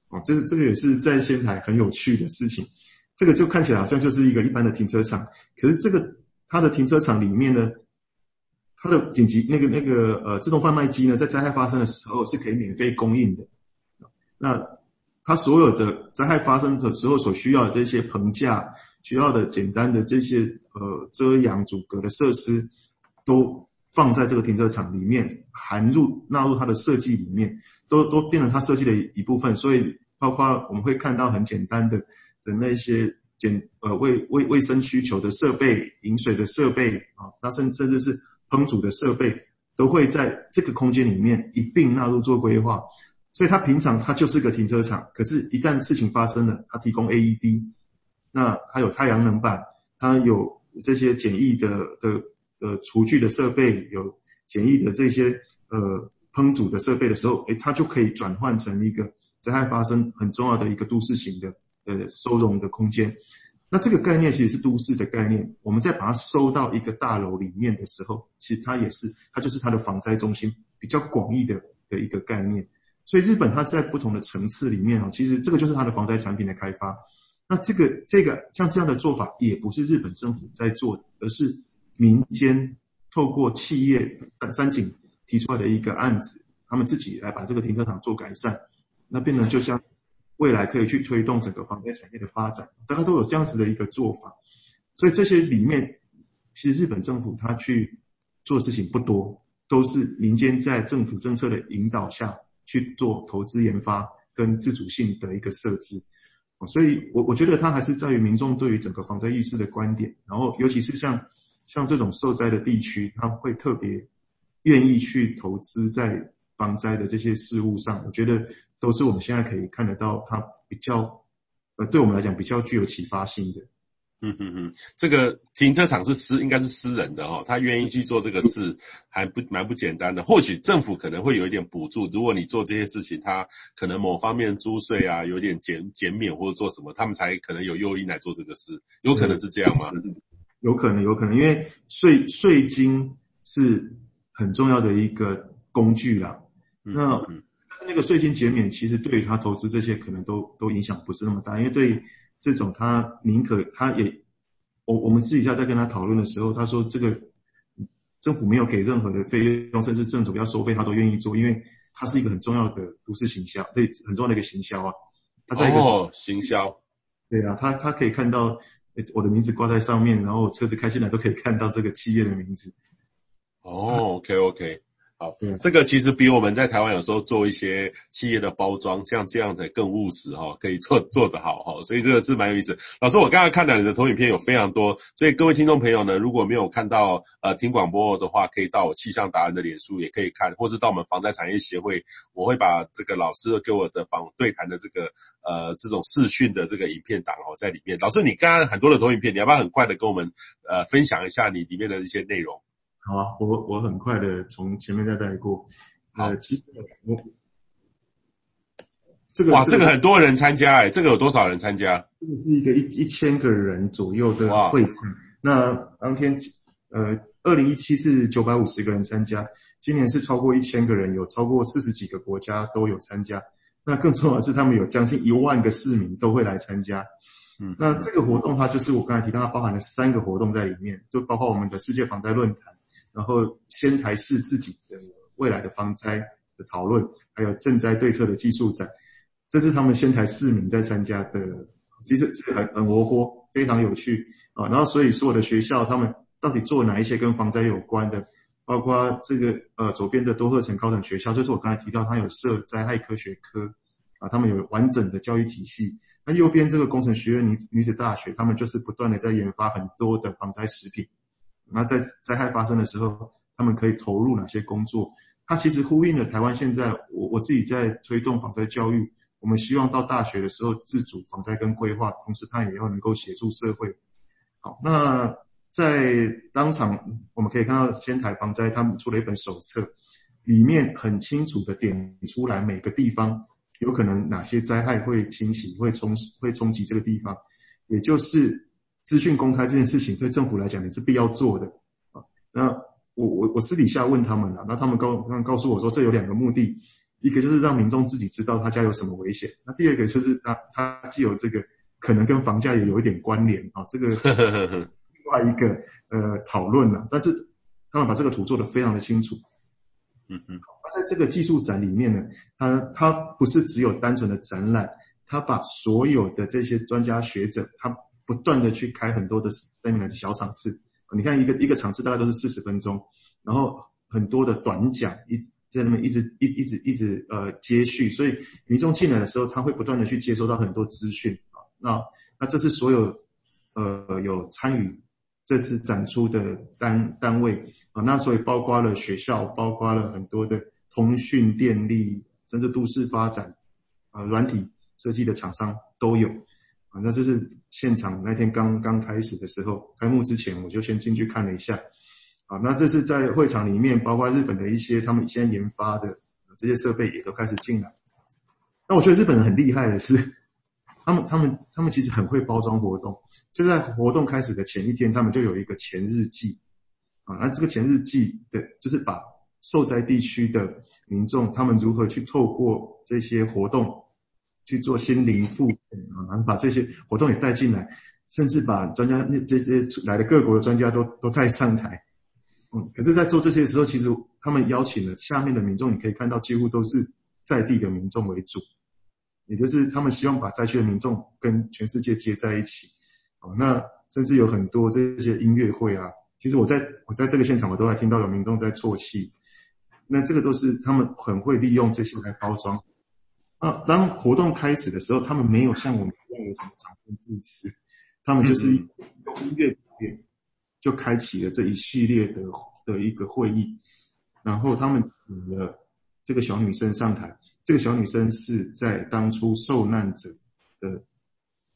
哦、嗯，這是這個也是在仙台很有趣的事情。這個就看起來好像就是一個一般的停車場，可是這個它的停車場裡面呢？它的緊急那個那個呃自動販賣機呢，在災害發生的時候是可以免費供應的。那它所有的災害發生的時候所需要的這些棚架、需要的簡單的這些呃遮陽阻隔的設施，都放在這個停車場裡面，含入納入它的設計裡面，都都變成它設計的一部分。所以包括我們會看到很簡單的的那些簡呃衛衛衛生需求的設備、飲水的設備啊，那甚甚至是。烹煮的設備都會在這個空間裡面一併納入做規劃，所以它平常它就是個停車場，可是一旦事情發生了，它提供 AED，那它有太陽能板，它有這些簡易的的呃廚具的設備，有簡易的這些呃烹煮的設備的時候，誒、欸，它就可以轉換成一個災害發生很重要的一個都市型的呃收容的空間。那這個概念其實是都市的概念，我們在把它收到一個大樓裡面的時候，其實它也是它就是它的防災中心比較廣義的的一個概念。所以日本它在不同的層次裡面啊，其實這個就是它的防災產品的開發。那這個這個像這樣的做法也不是日本政府在做的，而是民間透過企業，三井提出來的一個案子，他們自己來把這個停車場做改善，那變成就像。未來可以去推動整個防災產業的發展，大家都有這樣子的一個做法，所以這些裡面，其實日本政府它去做的事情不多，都是民間在政府政策的引導下去做投資研發跟自主性的一個設置，所以我我覺得它還是在於民眾對於整個防災意識的觀點，然後尤其是像像這種受災的地區，他會特別願意去投資在防災的這些事物上，我覺得。都是我們現在可以看得到，它比較，呃，對我們來講比較具有啟發性的。嗯嗯嗯，這個停車場是私，應該是私人的哈、哦，他願意去做這個事還不蠻不簡單的。或許政府可能會有一點補助，如果你做這些事情，他可能某方面租稅啊有點減減免或者做什麼，他們才可能有誘因來做這個事，有可能是這樣嗎？嗯嗯嗯、有可能，有可能，因為稅稅金是很重要的一個工具啦。那，嗯哼哼那個稅金減免其實對於他投資這些可能都都影響不是那麼大，因為對這種他寧可他也，我我們私底下在跟他討論的時候，他說這個政府沒有給任何的費用，甚至政府要收費他都願意做，因為他是一個很重要的都市行銷，對，很重要的一個行銷啊。他在一個哦，行銷，對啊，他他可以看到我的名字掛在上面，然後我車子開進來都可以看到這個企業的名字。哦，OK OK。嗯，這個其實比我們在台灣有時候做一些企業的包裝，像這樣才更務實哈，可以做做得好哈，所以這個是蠻有意思。老師，我剛剛看到你的投影片有非常多，所以各位聽眾朋友呢，如果沒有看到呃聽廣播的話，可以到我氣象達人的臉書也可以看，或是到我們防災產業協會，我會把這個老師給我的防對談的這個呃這種視訊的這個影片檔哦在裡面。老師，你剛剛很多的投影片，你要不要很快的跟我們呃分享一下你裡面的一些內容？好啊，我我很快的從前面再帶過。好、呃，其實我這個哇，這個、這個很多人參加哎、欸，這個有多少人參加？這個是一個一一千個人左右的會場。哇那當天呃，二零一七是九百五十個人參加，今年是超過一千個人，有超過四十幾個國家都有參加。那更重要的是，他們有將近一萬個市民都會來參加。嗯，那這個活動它就是我剛才提到，它包含了三個活動在裡面，就包括我們的世界防災論壇。然後仙台市自己的未來的防災的討論，還有賑災對策的技術展，這是他們仙台市民在參加的，其實是很很活潑，非常有趣啊。然後，所以所有的學校，他們到底做哪一些跟防災有關的，包括這個呃左邊的多賀城高等學校，就是我剛才提到，它有設災害科學科啊，他們有完整的教育體系。那右邊這個工程學院女女子大學，他們就是不斷的在研發很多的防災食品。那在災害發生的時候，他們可以投入哪些工作？它其實呼應了台灣現在，我我自己在推動防災教育。我們希望到大學的時候自主防災跟規劃，同時它也要能夠協助社會。好，那在當場我們可以看到，仙台防災他們出了一本手冊，裡面很清楚地點出來每個地方有可能哪些災害會侵襲，會衝、會衝擊這個地方，也就是。資訊公開這件事情，對政府來講，也是必要做的啊。那我我我私底下問他們了，那他們告他們告訴我說，這有兩個目的，一個就是讓民眾自己知道他家有什麼危險，那第二個就是他他既有這個可能跟房價也有一點關聯啊，這個另外一個呃討論了。但是他們把這個圖做得非常的清楚，嗯嗯。那在這個技術展裡面呢，他他不是只有單純的展覽，他把所有的這些專家學者他。不斷的去開很多的 Seminar 的小場次，你看一個一個場次大概都是四十分鐘，然後很多的短講一在那邊一直一一,一直一直呃接續，所以民眾進來的時候，他會不斷的去接收到很多資訊啊、哦。那那這是所有呃有參與這次展出的單單位啊、哦，那所以包括了學校，包括了很多的通訊、電力，甚至都市發展啊、呃、軟體設計的廠商都有。那這是現場那天剛剛開始的時候，開幕之前我就先進去看了一下。啊，那這是在會場裡面，包括日本的一些他們現在研發的這些設備也都開始進來。那我覺得日本人很厲害的是，他們他們他們其實很會包裝活動，就在活動開始的前一天，他們就有一個前日記。啊，那這個前日記的，就是把受災地區的民眾他們如何去透過這些活動。去做心靈復健啊，然後把這些活動也帶進來，甚至把專家、這些來的各國的專家都都帶上台。嗯，可是，在做這些的時候，其實他們邀請了下面的民眾，你可以看到幾乎都是在地的民眾為主，也就是他們希望把災區的民眾跟全世界接在一起。哦，那甚至有很多這些音樂會啊，其實我在我在這個現場，我都還聽到有民眾在啜泣。那這個都是他們很會利用這些來包裝。那、啊、當活動開始的時候，他們沒有像我們一樣有什麼掌聲致詞，他們就是一個音樂表演就開啟了這一系列的的一個會議。然後他們請了這個小女生上台，這個小女生是在當初受難者的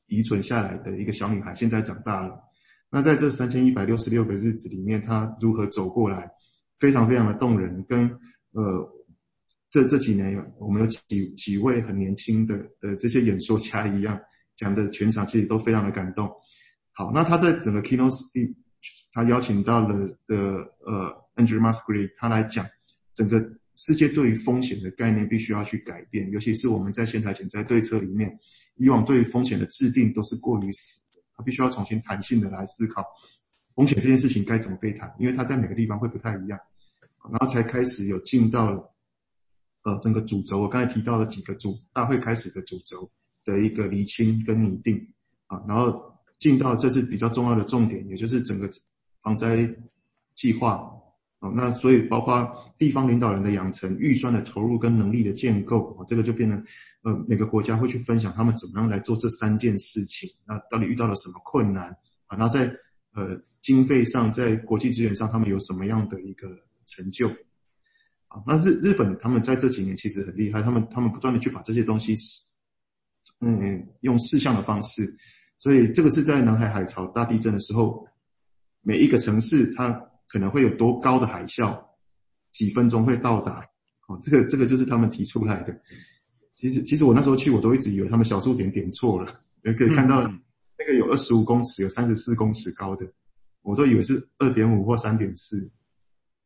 遺存下來的一個小女孩，現在長大了。那在這三千一百六十六個日子裡面，她如何走過來，非常非常的動人，跟呃。這這幾年有我們有幾幾位很年輕的呃這些演說家一樣，講的全場其實都非常的感動。好，那他在整個 Keynote Speech 他邀請到了的呃 Andrew Musgrave 他來講整個世界對於風險的概念必須要去改變，尤其是我們在仙台減災對策裡面，以往對於風險的制定都是過於死的，他必須要重新彈性的來思考風險這件事情該怎麼被談，因為他在每個地方會不太一樣，然後才開始有進到了。呃，整個主軸，我剛才提到了幾個主大會開始的主軸的一個釐清跟擬定啊，然後進到這是比較重要的重點，也就是整個防災計劃啊，那所以包括地方領導人的養成、預算的投入跟能力的建構，這個就變成呃每個國家會去分享他們怎麼樣來做這三件事情，那到底遇到了什麼困難啊？那在呃經費上，在國際資源上，他們有什麼樣的一個成就？啊，那是日，日本，他們在這幾年其實很厲害，他們他們不斷的去把這些東西使，嗯，用事項的方式，所以這個是在南海海潮大地震的時候，每一個城市它可能會有多高的海嘯，幾分鐘會到達，哦，這個這個就是他們提出來的。其實其實我那時候去，我都一直以為他們小數點點錯了，可以看到、嗯、那個有二十五公尺，有三十四公尺高的，我都以為是二點五或三點四。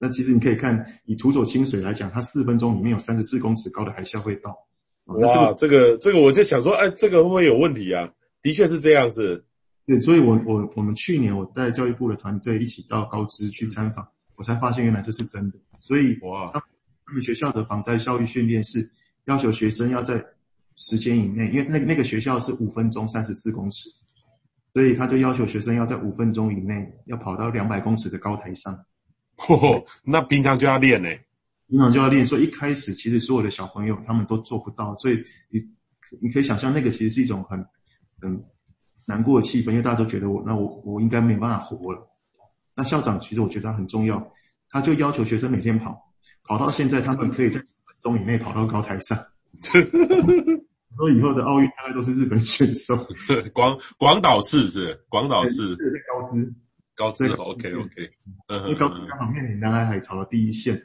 那其實你可以看，以土佐清水來講，它，四分鐘裡面有三十四公尺高的海嘯會到。哇，啊、那這個、這個、這個我就想說，哎，這個會不會有問題啊？的確是這樣子。對，所以我我我們去年我帶教育部的團隊一起到高知去參訪，嗯、我才發現原來這是真的。所以，哇，他們學校的防災教育訓練是要求學生要在時間以內，因為那那個學校是五分鐘三十四公尺，所以他就要求學生要在五分鐘以內要跑到兩百公尺的高台上。哦、那平常就要練嘞、欸，平常就要練。所以一開始其實所有的小朋友他們都做不到，所以你你可以想象那個其實是一種很難、嗯、難過的氣氛，因為大家都覺得我那我我應該沒辦法活了。那校長其實我覺得他很重要，他就要求學生每天跑，跑到現在他們可以在五分鐘以內跑到高台上。 說以後的奧運大概都是日本選手， 廣廣島市是廣島市。是高知。高知對 OK OK，呃、高知它旁邊南海海潮的第一線。嗯、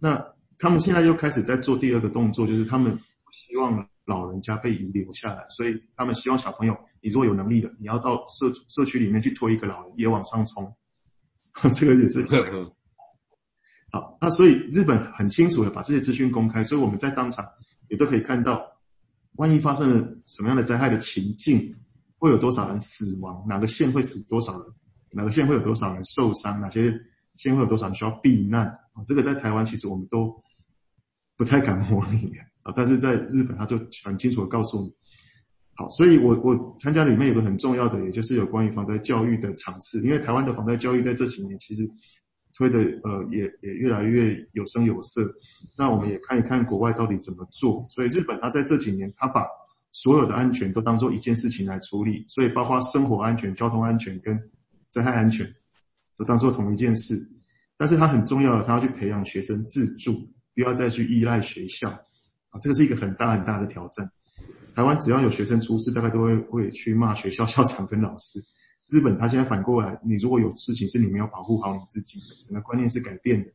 那他們現在又開始在做第二個動作，就是他們希望老人家被遺留下來，所以他們希望小朋友，你如果有能力的，你要到社社區裡面去推一個老人也往上衝。這個也是、嗯、好。那所以日本很清楚的把這些資訊公開，所以我們在當場也都可以看到，萬一發生了什麼樣的災害的情境，會有多少人死亡，哪個縣會死多少人。哪個縣會有多少人受傷？哪些縣會有多少人需要避難？啊，這個在台灣其實我們都不太敢模擬啊，但是在日本他就很清楚的告訴你。好，所以我，我我參加裡面有個很重要的，也就是有關於防災教育的場次，因為台灣的防災教育在這幾年其實推的呃也也越來越有聲有色。那我們也看一看國外到底怎麼做。所以日本他在這幾年他把所有的安全都當做一件事情來處理，所以包括生活安全、交通安全跟災害安全都當做同一件事，但是他很重要的。他要去培養學生自助，不要再去依賴學校啊！這個是一個很大很大的挑戰。台灣只要有學生出事，大概都會會去罵學校校長跟老師。日本他現在反過來，你如果有事情是你沒有保護好你自己的，整個觀念是改變的。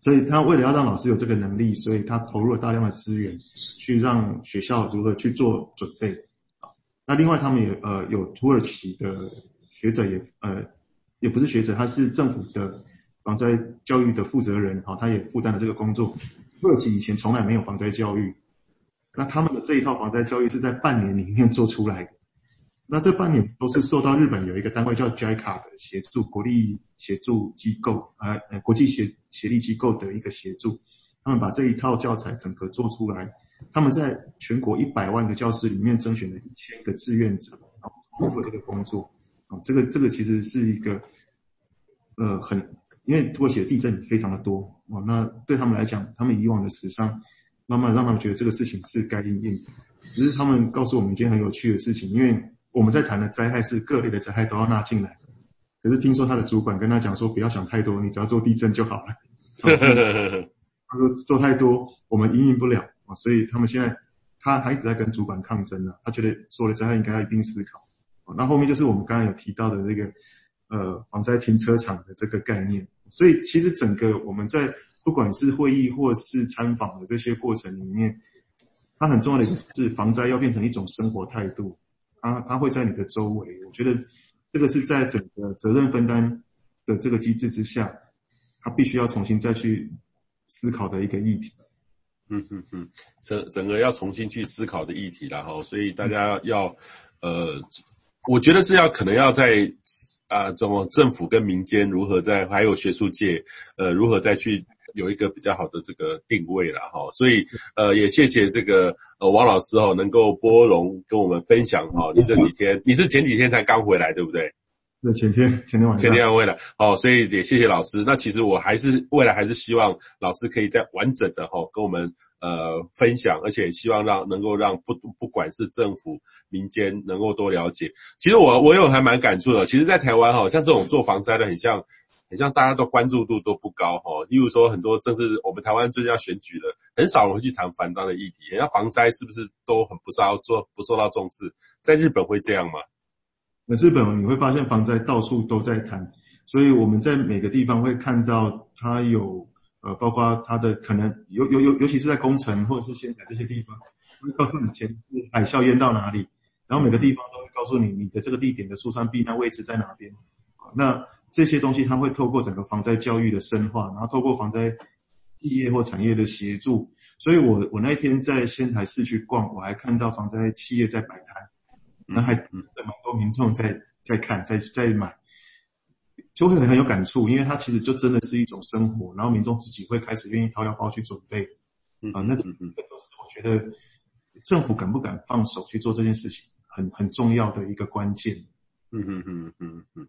所以他為了要讓老師有這個能力，所以他投入了大量的資源去讓學校如何去做準備啊。那另外他們也呃有土耳其的。學者也，呃，也不是學者，他是政府的防災教育的負責人，哈、哦，他也負擔了這個工作。土耳其以前從來沒有防災教育，那他們的這一套防災教育是在半年裡面做出來的。那這半年都是受到日本有一個單位叫 JICA 的協助，國立協助機構，呃，國際協協力機構的一個協助。他們把這一套教材整個做出來，他們在全國一百萬個教師裡面甄選了一千個志願者，然後通過這個工作。這個這個其實是一個，呃，很因為土耳其的地震也非常的多哦，那對他們來講，他們以往的死傷，慢慢讓他們覺得這個事情是該因應的。只是他們告訴我們一件很有趣的事情，因為我們在談的災害是各類的災害都要納進來，可是聽說他的主管跟他講說，不要想太多，你只要做地震就好了。哦、他說做太多我們因應不了啊、哦，所以他們現在他還一直在跟主管抗爭呢，他覺得所有的災害應該要一併思考。那後面就是我們剛剛有提到的那個，呃，防災停車場的這個概念。所以其實整個我們在不管是會議或是參訪的這些過程裡面，它很重要的一個就是防災要變成一種生活態度。它它會在你的周圍。我覺得這個是在整個責任分擔的這個機制之下，它必須要重新再去思考的一個議題。嗯嗯嗯，整、嗯嗯，整個要重新去思考的議題，然後所以大家要，嗯、呃。我覺得是要可能要在啊，中、呃、政府跟民間如何在，還有學術界，呃，如何再去有一個比較好的這個定位了哈、哦。所以，呃，也謝謝這個呃王老師哈、哦，能夠撥冗跟我們分享哈、哦。你這幾天你是前幾天才剛回來對不對？那前天、前天晚上，前天晚上回來哦，所以也謝謝老師。那其實我還是未來還是希望老師可以再完整的哈、哦、跟我們。呃，分享，而且希望讓能夠讓不不管是政府、民間能夠多了解。其實我我有還蠻感觸的。其實，在台灣哈，像這種做防災的，很像很像大家都關注度都不高哈。例如說，很多政治，我們台灣最近要選舉了，很少人會去談防災的議題。那防災是不是都很不要做不受到重視？在日本會這樣嗎？那日本你會發現防災到處都在談，所以我們在每個地方會看到它有。呃，包括它的可能，尤尤尤，尤其是在工程或者是仙台這些地方，會告訴你前海嘯淹到哪裡，然後每個地方都會告訴你你的這個地點的疏散避難位置在哪邊。那這些東西，他會透過整個防災教育的深化，然後透過防災企業或產業的協助。所以我，我我那一天在仙台市區逛，我還看到防災企業在擺攤，那還蠻多民眾在在看，在在買。就會很很有感觸，因為它其實就真的是一種生活，然後民眾自己會開始願意掏腰包去準備，啊，那這個都是嗯，我覺得政府敢不敢放手去做這件事情，很很重要的一個關鍵。嗯嗯嗯嗯嗯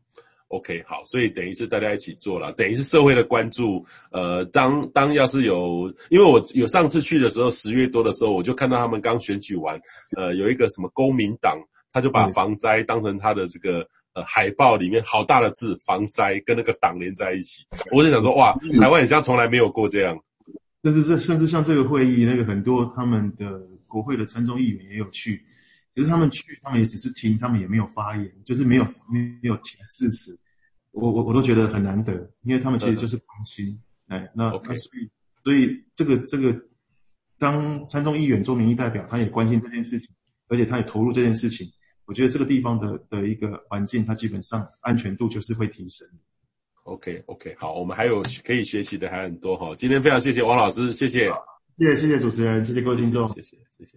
，OK，好，所以等於是大家一起做了，等於是社會的關注。呃，當當要是有，因為我有上次去的時候，十月多的時候，我就看到他們剛選舉完，呃，有一個什麼公民黨，他就把防災當成他的這個。嗯呃，海報裡面好大的字，防災跟那個黨連在一起。我就想說，哇，台灣好像從來沒有過這樣。甚至，嗯、這甚至像這個會議，那個很多他們的國會的參眾議員也有去，可是他們去，他們也只是聽，他們也沒有發言，就是沒有沒有沒有詞。我我我都覺得很難得，因為他們其實就是關心。的哎，那所以 Okay. 所以這個這個當參眾議員做民意代表，他也關心這件事情，而且他也投入這件事情。我覺得這個地方的的一個環境，它基本上安全度就是會提升。OK OK，好，我們還有可以學習的還很多哈。今天非常謝謝王老師，謝謝，謝謝謝謝主持人，謝謝各位聽眾，謝謝謝謝。謝謝謝謝